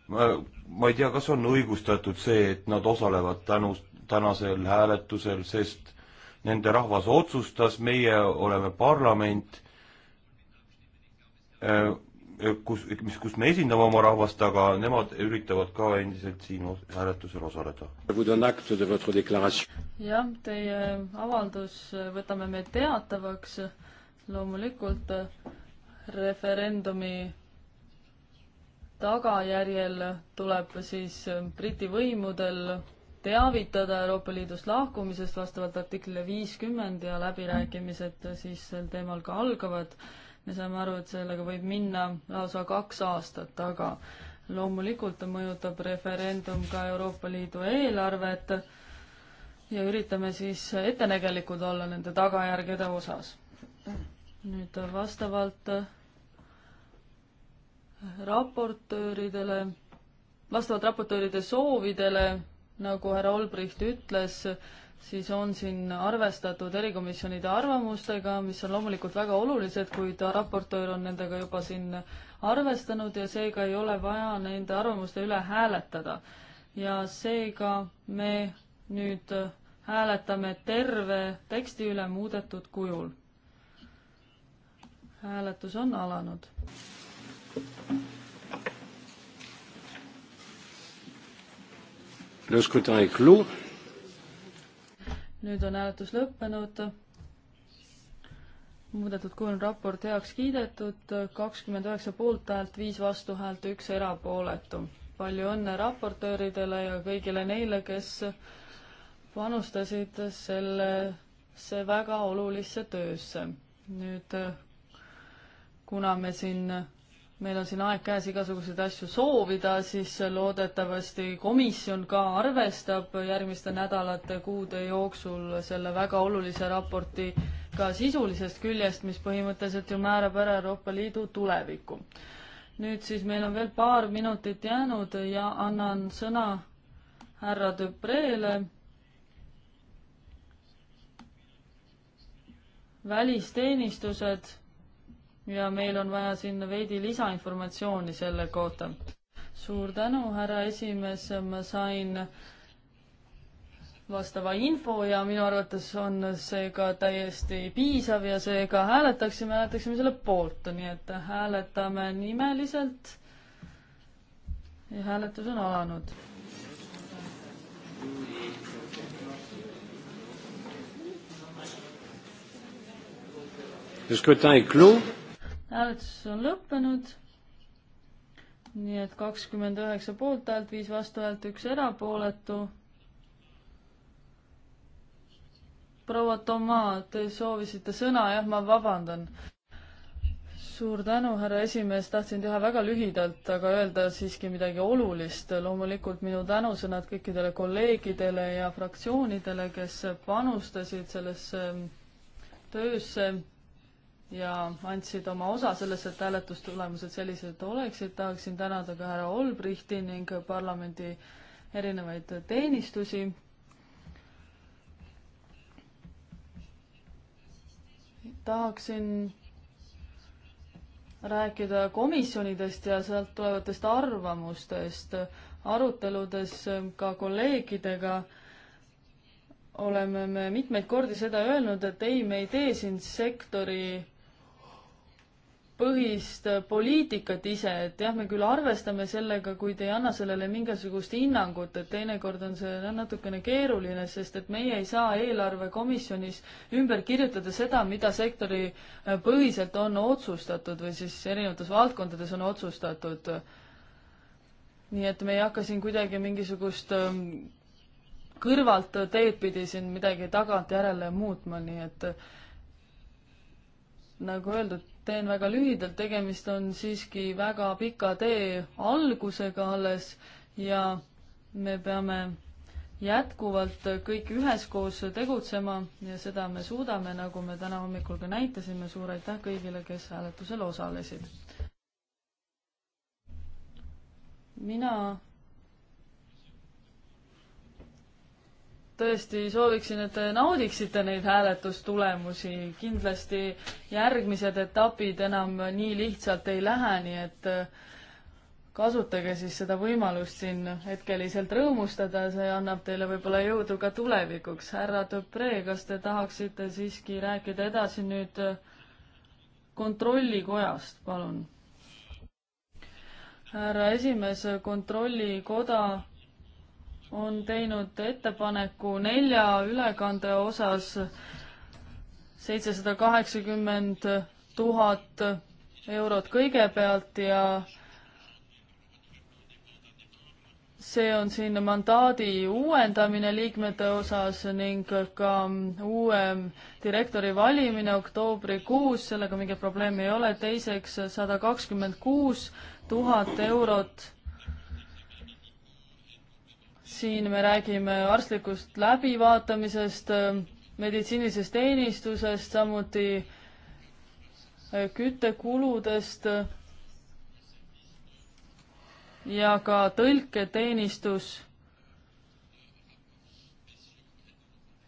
ma, ma ei tea, kas on õigustatud see, et nad osalevad tänu, tänasel hääletusel, sest nende rahvas otsustas, meie oleme parlament äh, kus, mis, kus me esindame oma rahvast, aga nemad üritavad ka endiselt siin hääletusel osaleda. jah, teie avaldus võtame me teatavaks. loomulikult referendumi tagajärjel tuleb siis Briti võimudel teavitada Euroopa Liidust lahkumisest vastavalt artiklile viiskümmend ja läbirääkimised siis sel teemal ka algavad me saame aru, et sellega võib minna lausa kaks aastat, aga loomulikult mõjutab referendum ka Euroopa Liidu eelarvet ja üritame siis ettenägelikud olla nende tagajärgede osas. nüüd vastavalt raportööridele, vastavalt raportööride soovidele, nagu härra Olbricht ütles, siis on siin arvestatud erikomisjonide arvamustega, mis on loomulikult väga olulised, kuid raportöör on nendega juba siin arvestanud ja seega ei ole vaja nende arvamuste üle hääletada. ja seega me nüüd hääletame terve teksti üle muudetud kujul. hääletus on alanud. Le scrutin est clos nüüd on hääletus lõppenud. muudetud kujul raport heaks kiidetud, kakskümmend üheksa poolthäält, viis vastuhäält, üks erapooletu. palju õnne raportööridele ja kõigile neile, kes panustasid sellesse väga olulisse töösse. nüüd kuna me siin meil on siin aeg käes igasuguseid asju soovida, siis loodetavasti komisjon ka arvestab järgmiste nädalate, kuude jooksul selle väga olulise raporti ka sisulisest küljest, mis põhimõtteliselt ju määrab ära Euroopa Liidu tuleviku. nüüd siis meil on veel paar minutit jäänud ja annan sõna härra Dupreele välisteenistused ja meil on vaja siin veidi lisainformatsiooni selle kohta. suur tänu, härra esimees, ma sain vastava info ja minu arvates on see ka täiesti piisav ja seega hääletaksime, hääletaksime selle poolt, nii et hääletame nimeliselt. ja hääletus on alanud. Le scrutin est clos hääletus on lõppenud. nii et kakskümmend üheksa poolthäält, viis vastuhäält, üks erapooletu. proua Tomaa, te soovisite sõna, jah, ma vabandan. suur tänu, härra esimees, tahtsin teha väga lühidalt, aga öelda siiski midagi olulist. loomulikult minu tänusõnad kõikidele kolleegidele ja fraktsioonidele, kes panustasid sellesse töösse ja andsid oma osa sellesse, et hääletustulemused sellised oleksid. tahaksin tänada ka härra Olbrichti ning parlamendi erinevaid teenistusi. tahaksin rääkida komisjonidest ja sealt tulevatest arvamustest. aruteludes ka kolleegidega oleme me mitmeid kordi seda öelnud, et ei, me ei tee siin sektori põhist äh, poliitikat ise, et jah, me küll arvestame sellega, kuid ei anna sellele mingisugust hinnangut, et teinekord on see natukene keeruline, sest et meie ei saa eelarvekomisjonis ümber kirjutada seda, mida sektori äh, põhiselt on otsustatud või siis erinevates valdkondades on otsustatud. nii et me ei hakka siin kuidagi mingisugust ähm, kõrvalt teed pidi siin midagi tagantjärele muutma, nii et äh, nagu öeldud, teen väga lühidalt, tegemist on siiski väga pika tee algusega alles ja me peame jätkuvalt kõik üheskoos tegutsema ja seda me suudame, nagu me täna hommikul ka näitasime, suur aitäh kõigile, kes hääletusel osalesid. mina tõesti sooviksin, et te naudiksite neid hääletustulemusi. kindlasti järgmised etapid enam nii lihtsalt ei lähe, nii et äh, kasutage siis seda võimalust siin hetkeliselt rõõmustada, see annab teile võib-olla jõudu ka tulevikuks. härra Dobre, kas te tahaksite siiski rääkida edasi nüüd äh, kontrollikojast, palun? härra esimees, kontrollikoda on teinud ettepaneku nelja ülekande osas seitsesada kaheksakümmend tuhat eurot kõigepealt ja see on siin mandaadi uuendamine liikmete osas ning ka uue direktori valimine oktoobrikuus, sellega mingit probleemi ei ole, teiseks sada kakskümmend kuus tuhat eurot siin me räägime arstlikust läbivaatamisest, meditsiinilisest teenistusest, samuti äh, küttekuludest ja ka tõlketeenistus.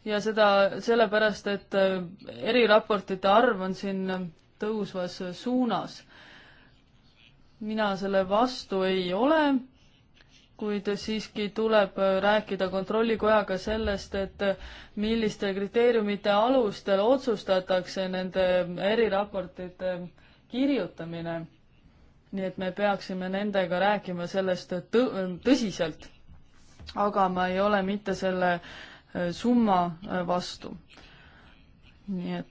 ja seda sellepärast, et äh, eriraportite arv on siin tõusvas suunas. mina selle vastu ei ole kuid siiski tuleb äh, rääkida Kontrollikojaga sellest, et äh, milliste kriteeriumite alustel otsustatakse nende äh, eriraportite kirjutamine. nii et me peaksime nendega rääkima sellest tõ-, tõsiselt. aga ma ei ole mitte selle summa vastu. nii et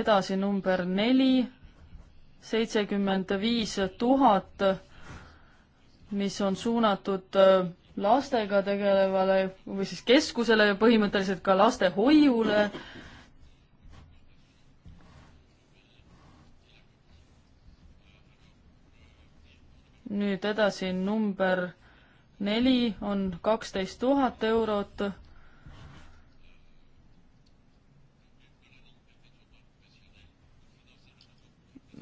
edasi number neli, seitsekümmend viis tuhat mis on suunatud äh, lastega tegelevale või siis keskusele ja põhimõtteliselt ka lastehoiule. nüüd edasi number neli on kaksteist tuhat eurot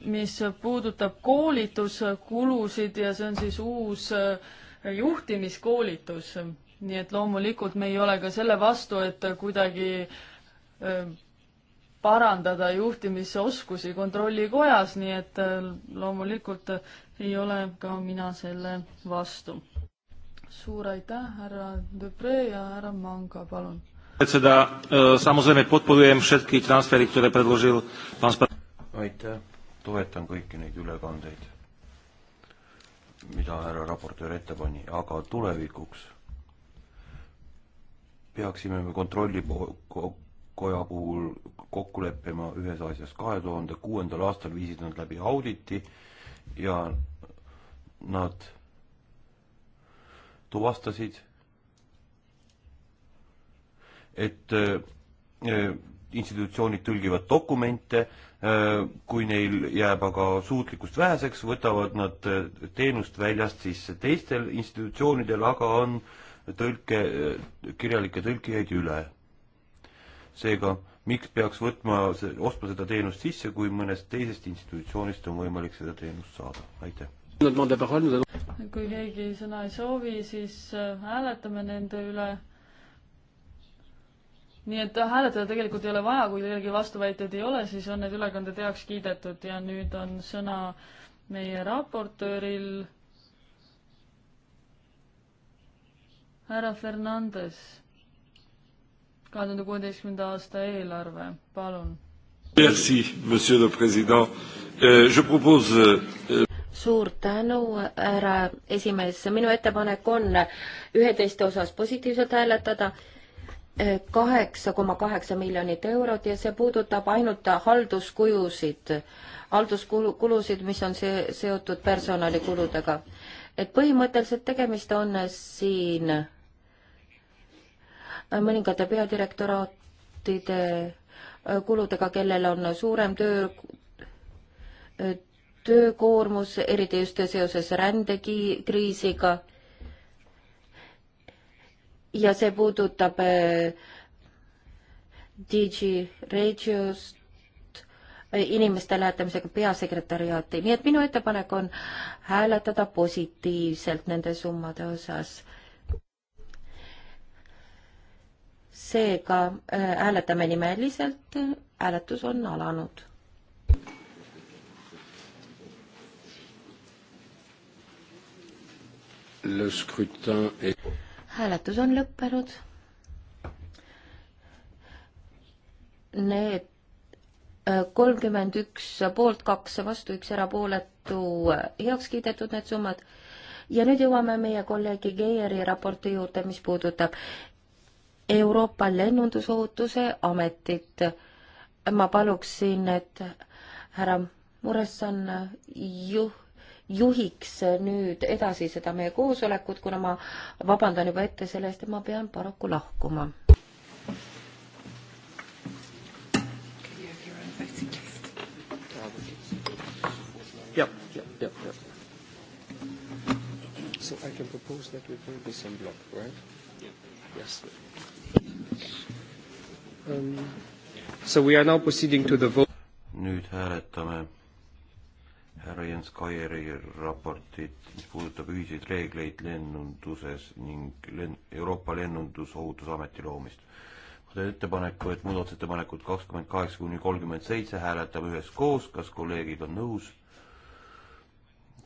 mis puudutab koolituskulusid ja see on siis uus äh, juhtimiskoolitus. nii et loomulikult me ei ole ka selle vastu, et kuidagi äh, parandada juhtimisoskusi kontrollikojas, nii et äh, loomulikult ei ole ka mina selle vastu. suur aitäh, härra Dupree ja härra Manga, palun. predseda, samuti podporujem všetky transferi, ktoré predložil pán aitäh toetan kõiki neid ülekandeid, mida härra raportöör ette pani, aga tulevikuks peaksime me kontrollikoja puhul kokku leppima ühes asjas. kahe tuhande kuuendal aastal viisid nad läbi auditi ja nad tuvastasid, et eh, institutsioonid tõlgivad dokumente, äh, kui neil jääb aga suutlikkust väheseks, võtavad nad äh, teenust väljast sisse. teistel institutsioonidel aga on tõlke, äh, kirjalikke tõlkijaid üle. seega, miks peaks võtma, ostma seda teenust sisse, kui mõnest teisest institutsioonist on võimalik seda teenust saada? aitäh! kui keegi sõna ei soovi, siis hääletame nende üle nii et hääletada tegelikult ei ole vaja, kui kellelgi vastuväiteid ei ole, siis on need ülekanded heaks kiidetud ja nüüd on sõna meie raportööril härra Fernandes, kahe tuhande kuueteistkümnenda aasta eelarve, palun. Merci, monsieur le president euh,. Je propose euh, suur tänu, härra esimees, minu ettepanek on üheteist osas positiivselt hääletada kaheksa koma kaheksa miljonit eurot ja see puudutab ainult halduskulusid, halduskulusid, mis on see, seotud personalikuludega. et põhimõtteliselt tegemist on siin mõningate peadirektoraatide kuludega, kellel on suurem töö, töökoormus, eriti just seoses rändekriisiga ja see puudutab äh, DG Regiost, äh, inimeste lähetamisega peasekretäriaati, nii et minu ettepanek on hääletada positiivselt nende summade osas. seega äh, hääletame nimeliselt, hääletus on alanud. Le scrutin est hääletus on lõppenud. Need äh, kolmkümmend üks poolt, kaks vastu, üks erapooletu äh, heaks kiidetud need summad. ja nüüd jõuame meie kolleegi Geieri raporti juurde, mis puudutab Euroopa Lennundusohutuse Ametit. ma paluksin, et härra Muresson äh, juh-, juhiks nüüd edasi seda meie koosolekut, kuna ma vabandan juba ette selle eest, et ma pean paraku lahkuma. jah, jah, jah, jah. So I can propose that we bring this on block, right? Yeah. Yes. Um, so we are now proceeding to the vote. nüüd hääletame härra Jens Kaieri raportit, mis puudutab ühiseid reegleid lennunduses ning len-, Euroopa Lennundusohutusameti loomist. ma teen ettepaneku, et muudatusettepanekud kakskümmend kaheksa kuni kolmkümmend seitse hääletame üheskoos, kas kolleegid on nõus?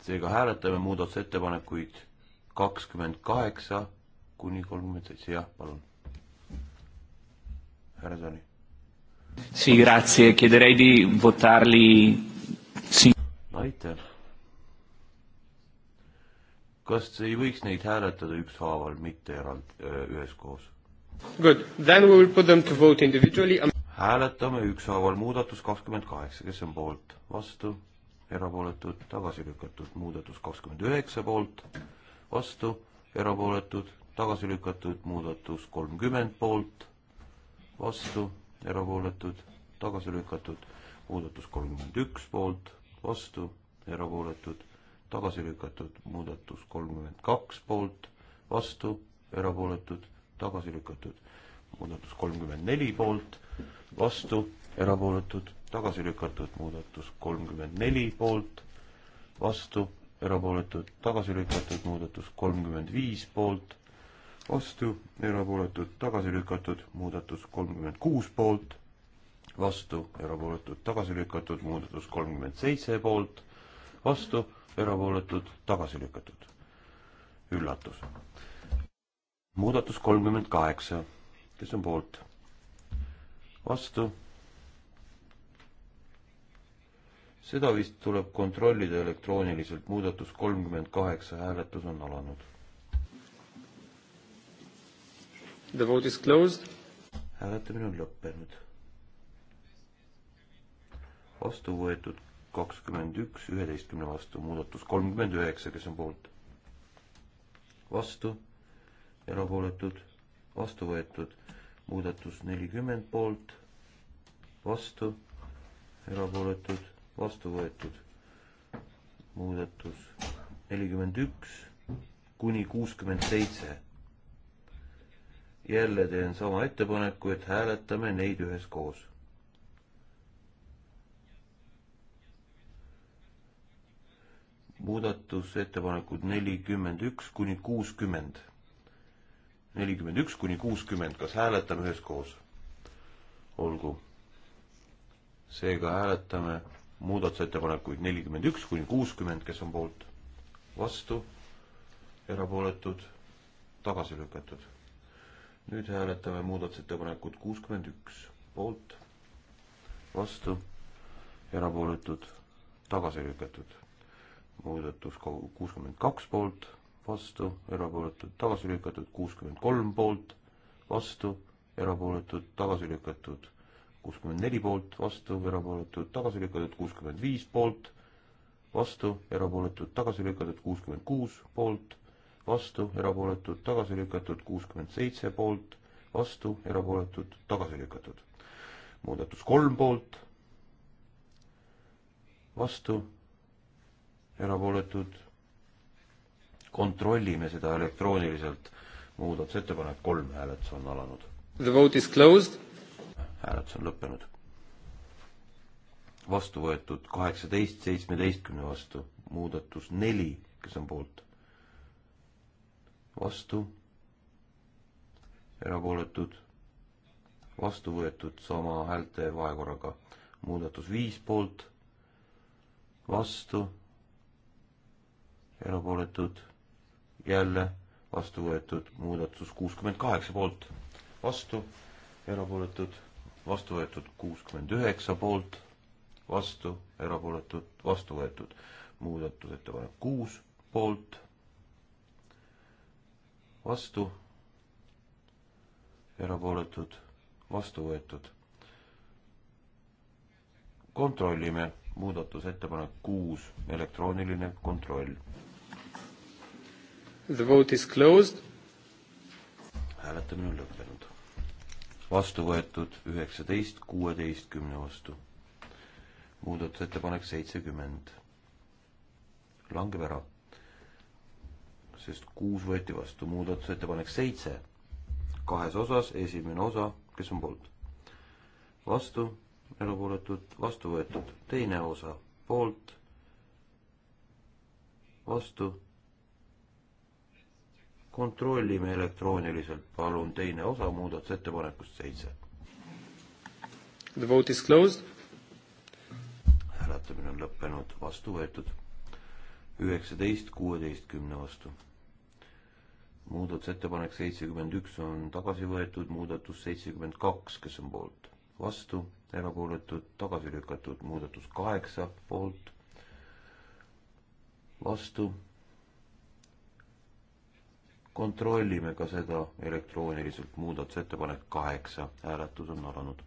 seega hääletame muudatusettepanekuid kakskümmend kaheksa kuni kolmkümmend seitse, jah, palun. härra Tani. Sì, grazie, chiederei di votarli aitäh. kas ei võiks neid hääletada ükshaaval, mitte eraldi, üheskoos? Good, then we will put them to vote individually. Um, hääletame ükshaaval muudatus kakskümmend kaheksa, kes on poolt, vastu, erapooletud, tagasi lükatud, muudatus kakskümmend üheksa poolt, vastu, erapooletud, tagasi lükatud, muudatus kolmkümmend poolt, vastu, erapooletud, tagasi lükatud, muudatus kolmkümmend üks poolt vastu, erapooletud, tagasi lükatud, muudatus kolmkümmend kaks poolt, vastu, erapooletud, tagasi lükatud, muudatus kolmkümmend neli poolt, vastu, erapooletud, tagasi lükatud, muudatus kolmkümmend neli poolt, vastu, erapooletud, tagasi lükatud, muudatus kolmkümmend viis poolt, vastu, erapooletud, tagasi lükatud, muudatus kolmkümmend kuus poolt, vastu, erapooletud, tagasi lükatud, muudatus kolmkümmend seitse poolt, vastu, erapooletud, tagasi lükatud. üllatus. muudatus kolmkümmend kaheksa, kes on poolt? vastu. seda vist tuleb kontrollida elektrooniliselt, muudatus kolmkümmend kaheksa, hääletus on alanud. The vote is closed. hääletamine on lõppenud vastu võetud kakskümmend üks, üheteistkümne vastu, muudatus kolmkümmend üheksa, kes on poolt? vastu, erapooletud, vastu võetud, muudatus nelikümmend poolt, vastu, erapooletud, vastu võetud, muudatus nelikümmend üks kuni kuuskümmend seitse. jälle teen sama ettepaneku, et hääletame neid üheskoos muudatusettepanekud nelikümmend üks kuni kuuskümmend. nelikümmend üks kuni kuuskümmend, kas hääletame üheskoos? olgu. seega hääletame muudatusettepanekuid nelikümmend üks kuni kuuskümmend, kes on poolt, vastu, erapooletud, tagasi lükatud. nüüd hääletame muudatusettepanekut kuuskümmend üks, poolt, vastu, erapooletud, tagasi lükatud muudatus kuuskümmend kaks poolt, vastu, erapooletud, tagasi lükatud, kuuskümmend kolm poolt, vastu, erapooletud, tagasi lükatud, kuuskümmend neli poolt, vastu, erapooletud, tagasi lükatud, kuuskümmend viis poolt, vastu, erapooletud, tagasi lükatud, kuuskümmend kuus poolt, vastu, erapooletud, tagasi lükatud, kuuskümmend seitse poolt, vastu, erapooletud, tagasi lükatud. muudatus kolm poolt, vastu, erapooletud. kontrollime seda elektrooniliselt. muudatusettepanek kolm hääletus on alanud. The vote is closed. hääletus on lõppenud. vastu võetud kaheksateist seitsmeteistkümne vastu, muudatus neli, kes on poolt? vastu, erapooletud, vastu võetud sama häälte vahekorraga, muudatus viis poolt, vastu erapooletud, jälle vastu võetud, muudatus kuuskümmend kaheksa poolt, vastu, erapooletud, vastu võetud kuuskümmend üheksa poolt, vastu, erapooletud, vastu võetud, muudatusettepanek kuus poolt, vastu, erapooletud, vastu võetud. kontrollime muudatusettepanek kuus, elektrooniline kontroll The vote is closed. hääletamine on lõppenud. vastu võetud üheksateist kuueteistkümne vastu. muudatusettepanek seitsekümmend langeb ära, sest kuus võeti vastu. muudatusettepanek seitse kahes osas, esimene osa, kes on poolt? vastu, erapooletud, vastu võetud, teine osa poolt, vastu kontrollime elektrooniliselt, palun, teine osa muudatusettepanekust seitse. The vote is closed. hääletamine on lõppenud, vastu võetud üheksateist kuueteistkümne vastu. muudatusettepanek seitsekümmend üks on tagasi võetud, muudatus seitsekümmend kaks, kes on poolt, vastu, erapooletud, tagasi lükatud, muudatus kaheksa poolt, vastu kontrollime ka seda elektrooniliselt, muudatusettepanek kaheksa, hääletus on alanud.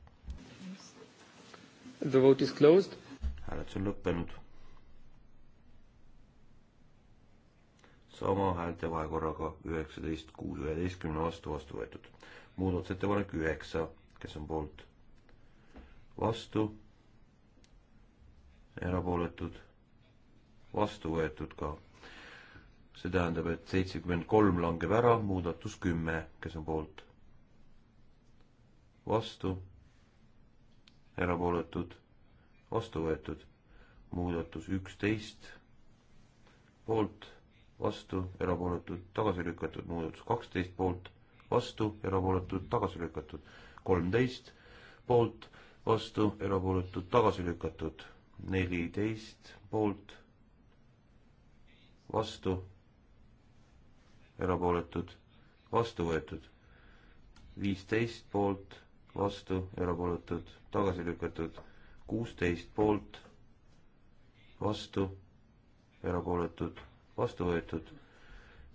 The vote is closed. hääletus on lõppenud. sama häälte vahekorraga üheksateist, kuus, üheteistkümne vastu vastu võetud. muudatusettepanek üheksa, kes on poolt? vastu, erapooletud, vastu võetud ka see tähendab, et seitsekümmend kolm langeb ära, muudatus kümme, kes on poolt? vastu, erapooletud, vastu võetud, muudatus üksteist, poolt, vastu, erapooletud, tagasi lükatud, muudatus kaksteist, poolt, vastu, erapooletud, tagasi lükatud, kolmteist, poolt, vastu, erapooletud, tagasi lükatud, neliteist, poolt, vastu erapooletud, vastu võetud. viisteist poolt, vastu, erapooletud, tagasi lükatud. kuusteist poolt, vastu, erapooletud, vastu võetud.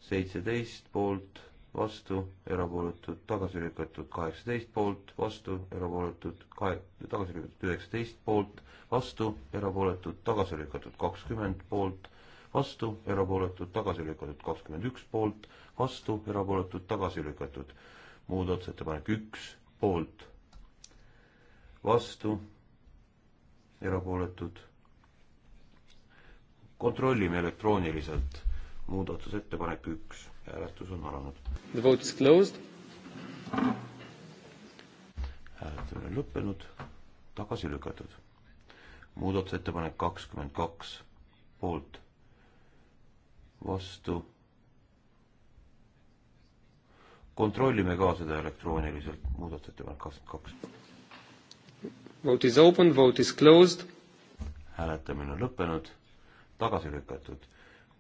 seitseteist poolt, vastu, erapooletud, tagasi lükatud. kaheksateist poolt, vastu, erapooletud, kahe, tagasi lükatud. üheksateist poolt, vastu, erapooletud, tagasi lükatud. kakskümmend poolt vastu, erapooletud, tagasi lükatud kakskümmend üks poolt, vastu, erapooletud, tagasi lükatud. muudatusettepanek üks poolt, vastu, erapooletud. kontrollime elektrooniliselt muudatusettepanek üks, hääletus on alanud. The vote is closed. hääletamine on lõppenud, tagasi lükatud muudatusettepanek kakskümmend kaks, poolt, vastu. kontrollime ka seda elektrooniliselt, muudatusettepanek kakskümmend kaks. Vote is open, vote is closed. hääletamine on lõppenud, tagasi lükatud.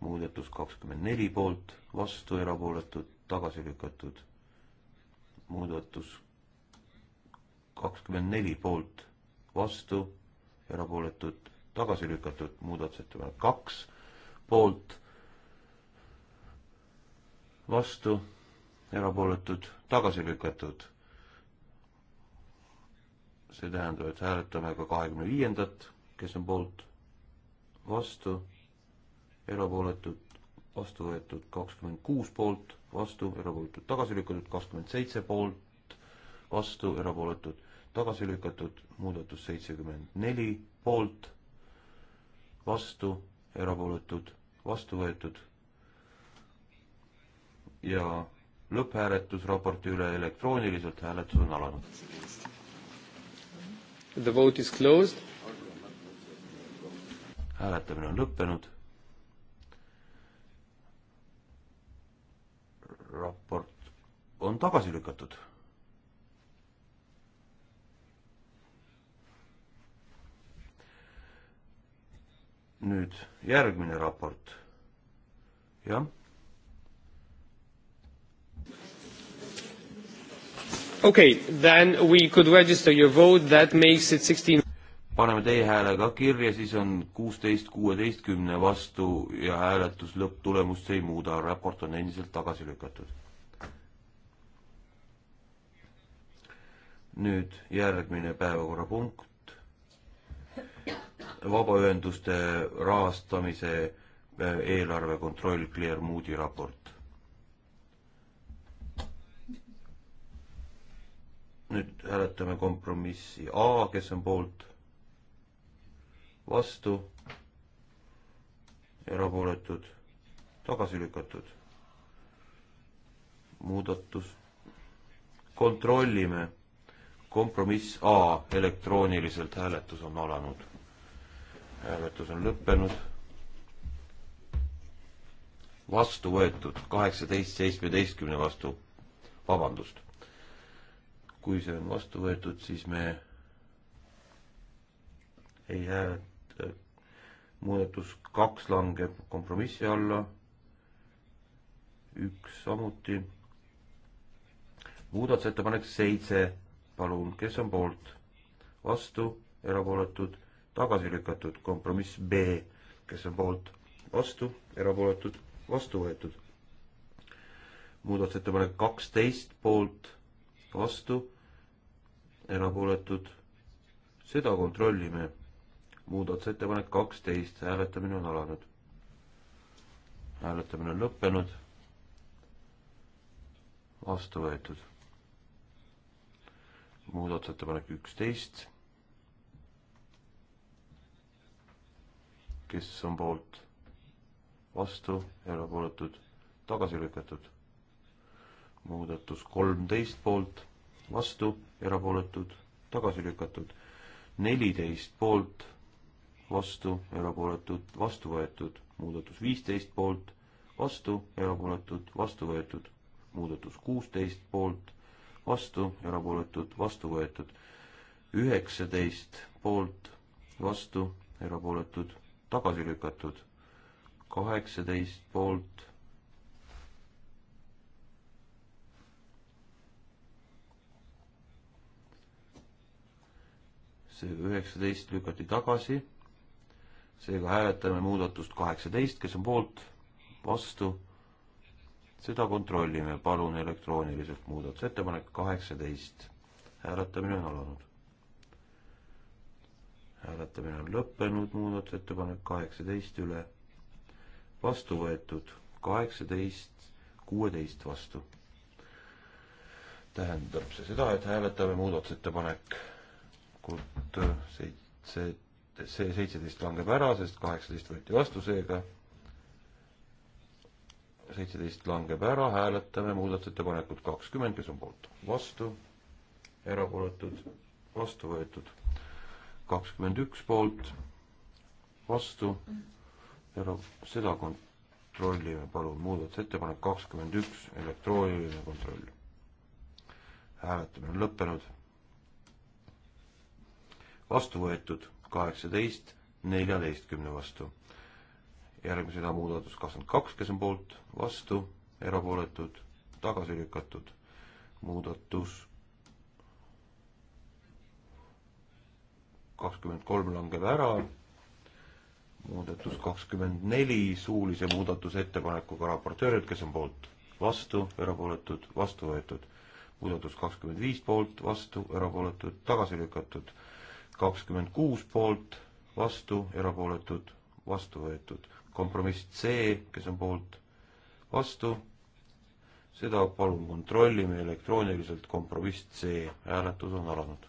muudatus kakskümmend neli poolt, vastu erapooletud, tagasi lükatud. muudatus kakskümmend neli poolt, vastu erapooletud, tagasi lükatud. muudatusettepanek kaks poolt vastu, erapooletud, tagasi lükatud. see tähendab, et hääletame ka kahekümne viiendat, kes on poolt, vastu, erapooletud, vastu võetud kakskümmend kuus poolt, vastu, erapooletud, tagasi lükatud kakskümmend seitse poolt, vastu, erapooletud, tagasi lükatud, muudatus seitsekümmend neli poolt, vastu, erapooletud, vastu võetud ja lõpphääletus raporti üle elektrooniliselt, hääletus on alanud. The vote is closed. hääletamine on lõppenud. raport on tagasi lükatud nüüd järgmine raport. jah okei okay,, then we could register your vote, that makes it sixteen 16.... paneme teie hääle ka kirja, siis on kuusteist kuueteistkümne vastu ja hääletus lõpptulemust ei muuda, raport on endiselt tagasi lükatud. nüüd järgmine päevakorrapunkt. vabaühenduste rahastamise eelarve kontroll, Claire Moody raport nüüd hääletame kompromissi A, kes on poolt, vastu, erapooletud, tagasi lükatud. muudatus, kontrollime, kompromiss A, elektrooniliselt hääletus on alanud. hääletus on lõppenud, vastu võetud, kaheksateist seitsmeteistkümne vastu, vabandust kui see on vastu võetud, siis me ei hääleta. muudatus kaks langeb kompromissi alla, üks samuti. muudatusettepanek seitse, palun, kes on poolt? vastu, erapooletud, tagasi lükatud, kompromiss B, kes on poolt? vastu, erapooletud, vastu võetud. muudatusettepanek kaksteist poolt vastu, erapooletud, seda kontrollime. muudatusettepanek kaksteist, hääletamine on alanud. hääletamine on lõppenud, vastu võetud. muudatusettepanek üksteist, kes on poolt, vastu, erapooletud, tagasi lükatud muudatus kolmteist poolt, vastu, erapooletud, tagasi lükatud. neliteist poolt, vastu, erapooletud, vastu võetud. muudatus viisteist poolt, vastu, erapooletud, vastu võetud. muudatus kuusteist poolt, vastu, erapooletud, vastu võetud. üheksateist poolt, vastu, erapooletud, tagasi lükatud. kaheksateist poolt see üheksateist lükati tagasi. seega hääletame muudatust kaheksateist, kes on poolt, vastu. seda kontrollime, palun elektrooniliselt muudatusettepanek kaheksateist. hääletamine on alanud. hääletamine on lõppenud, muudatusettepanek kaheksateist üle. vastu võetud kaheksateist, kuueteist vastu. tähendab see seda, et hääletame muudatusettepanek loomulikult äh, seitse, see seitseteist langeb ära, sest kaheksateist võeti vastu seega. seitseteist langeb ära, hääletame muudatusettepanekut kakskümmend, kes on poolt, vastu, erapooletud, vastu võetud. kakskümmend üks poolt, vastu, era-, seda kontrollime, palun, muudatusettepanek kakskümmend üks, elektrooniline kontroll. hääletamine on lõppenud vastu võetud kaheksateist neljateistkümne vastu. järgmisena muudatus kakskümmend kaks, kes on poolt, vastu, erapooletud, tagasi lükatud. muudatus kakskümmend kolm langeb ära, muudatus kakskümmend neli suulise muudatusettepanekuga raportöörid, kes on poolt, vastu, erapooletud, vastu võetud. muudatus kakskümmend viis poolt, vastu, erapooletud, tagasi lükatud kakskümmend kuus poolt, vastu, erapooletud, vastu võetud. kompromiss C, kes on poolt, vastu, seda palun kontrollime elektrooniliselt, kompromiss C, hääletus on alanud.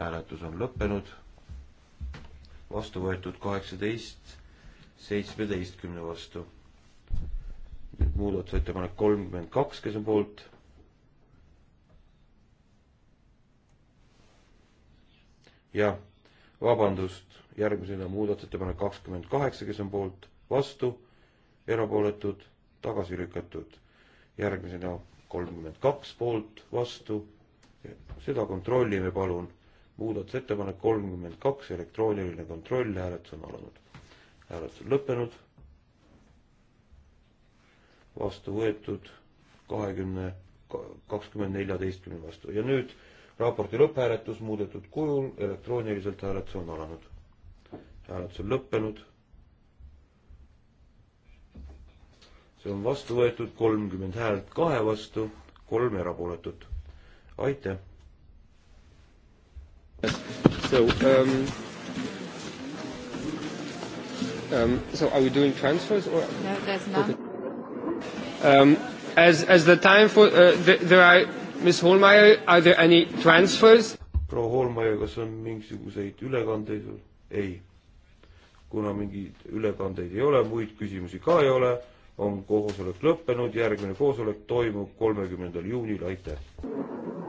hääletus on lõppenud, vastu võetud kaheksateist, seitsmeteistkümne vastu. nüüd muudatusettepanek kolmkümmend kaks, kes on poolt jah, vabandust, järgmisena muudatusettepanek kakskümmend kaheksa, kes on poolt, vastu, erapooletud, tagasi lükatud. järgmisena kolmkümmend kaks poolt, vastu, seda kontrollime palun. muudatusettepanek kolmkümmend kaks, elektrooniline kontroll, hääletus on alanud. hääletus on lõppenud. vastu võetud kahekümne, kakskümmend neljateistkümne vastu ja nüüd raporti lõpphääletus muudetud kujul, elektrooniliselt hääletus on alanud. hääletus on lõppenud. see on vastu võetud kolmkümmend häält kahe vastu, kolm erapooletut. aitäh. So um, um, so are we doing transfers or no, there's none. Okay. Um, as as the time for uh, the, there are Miss Holmeier, are there any transfers? proua Holmeier, kas on mingisuguseid ülekandeid või? ei. kuna mingeid ülekandeid ei ole, muid küsimusi ka ei ole, on koosolek lõppenud, järgmine koosolek toimub kolmekümnendal juunil, aitäh!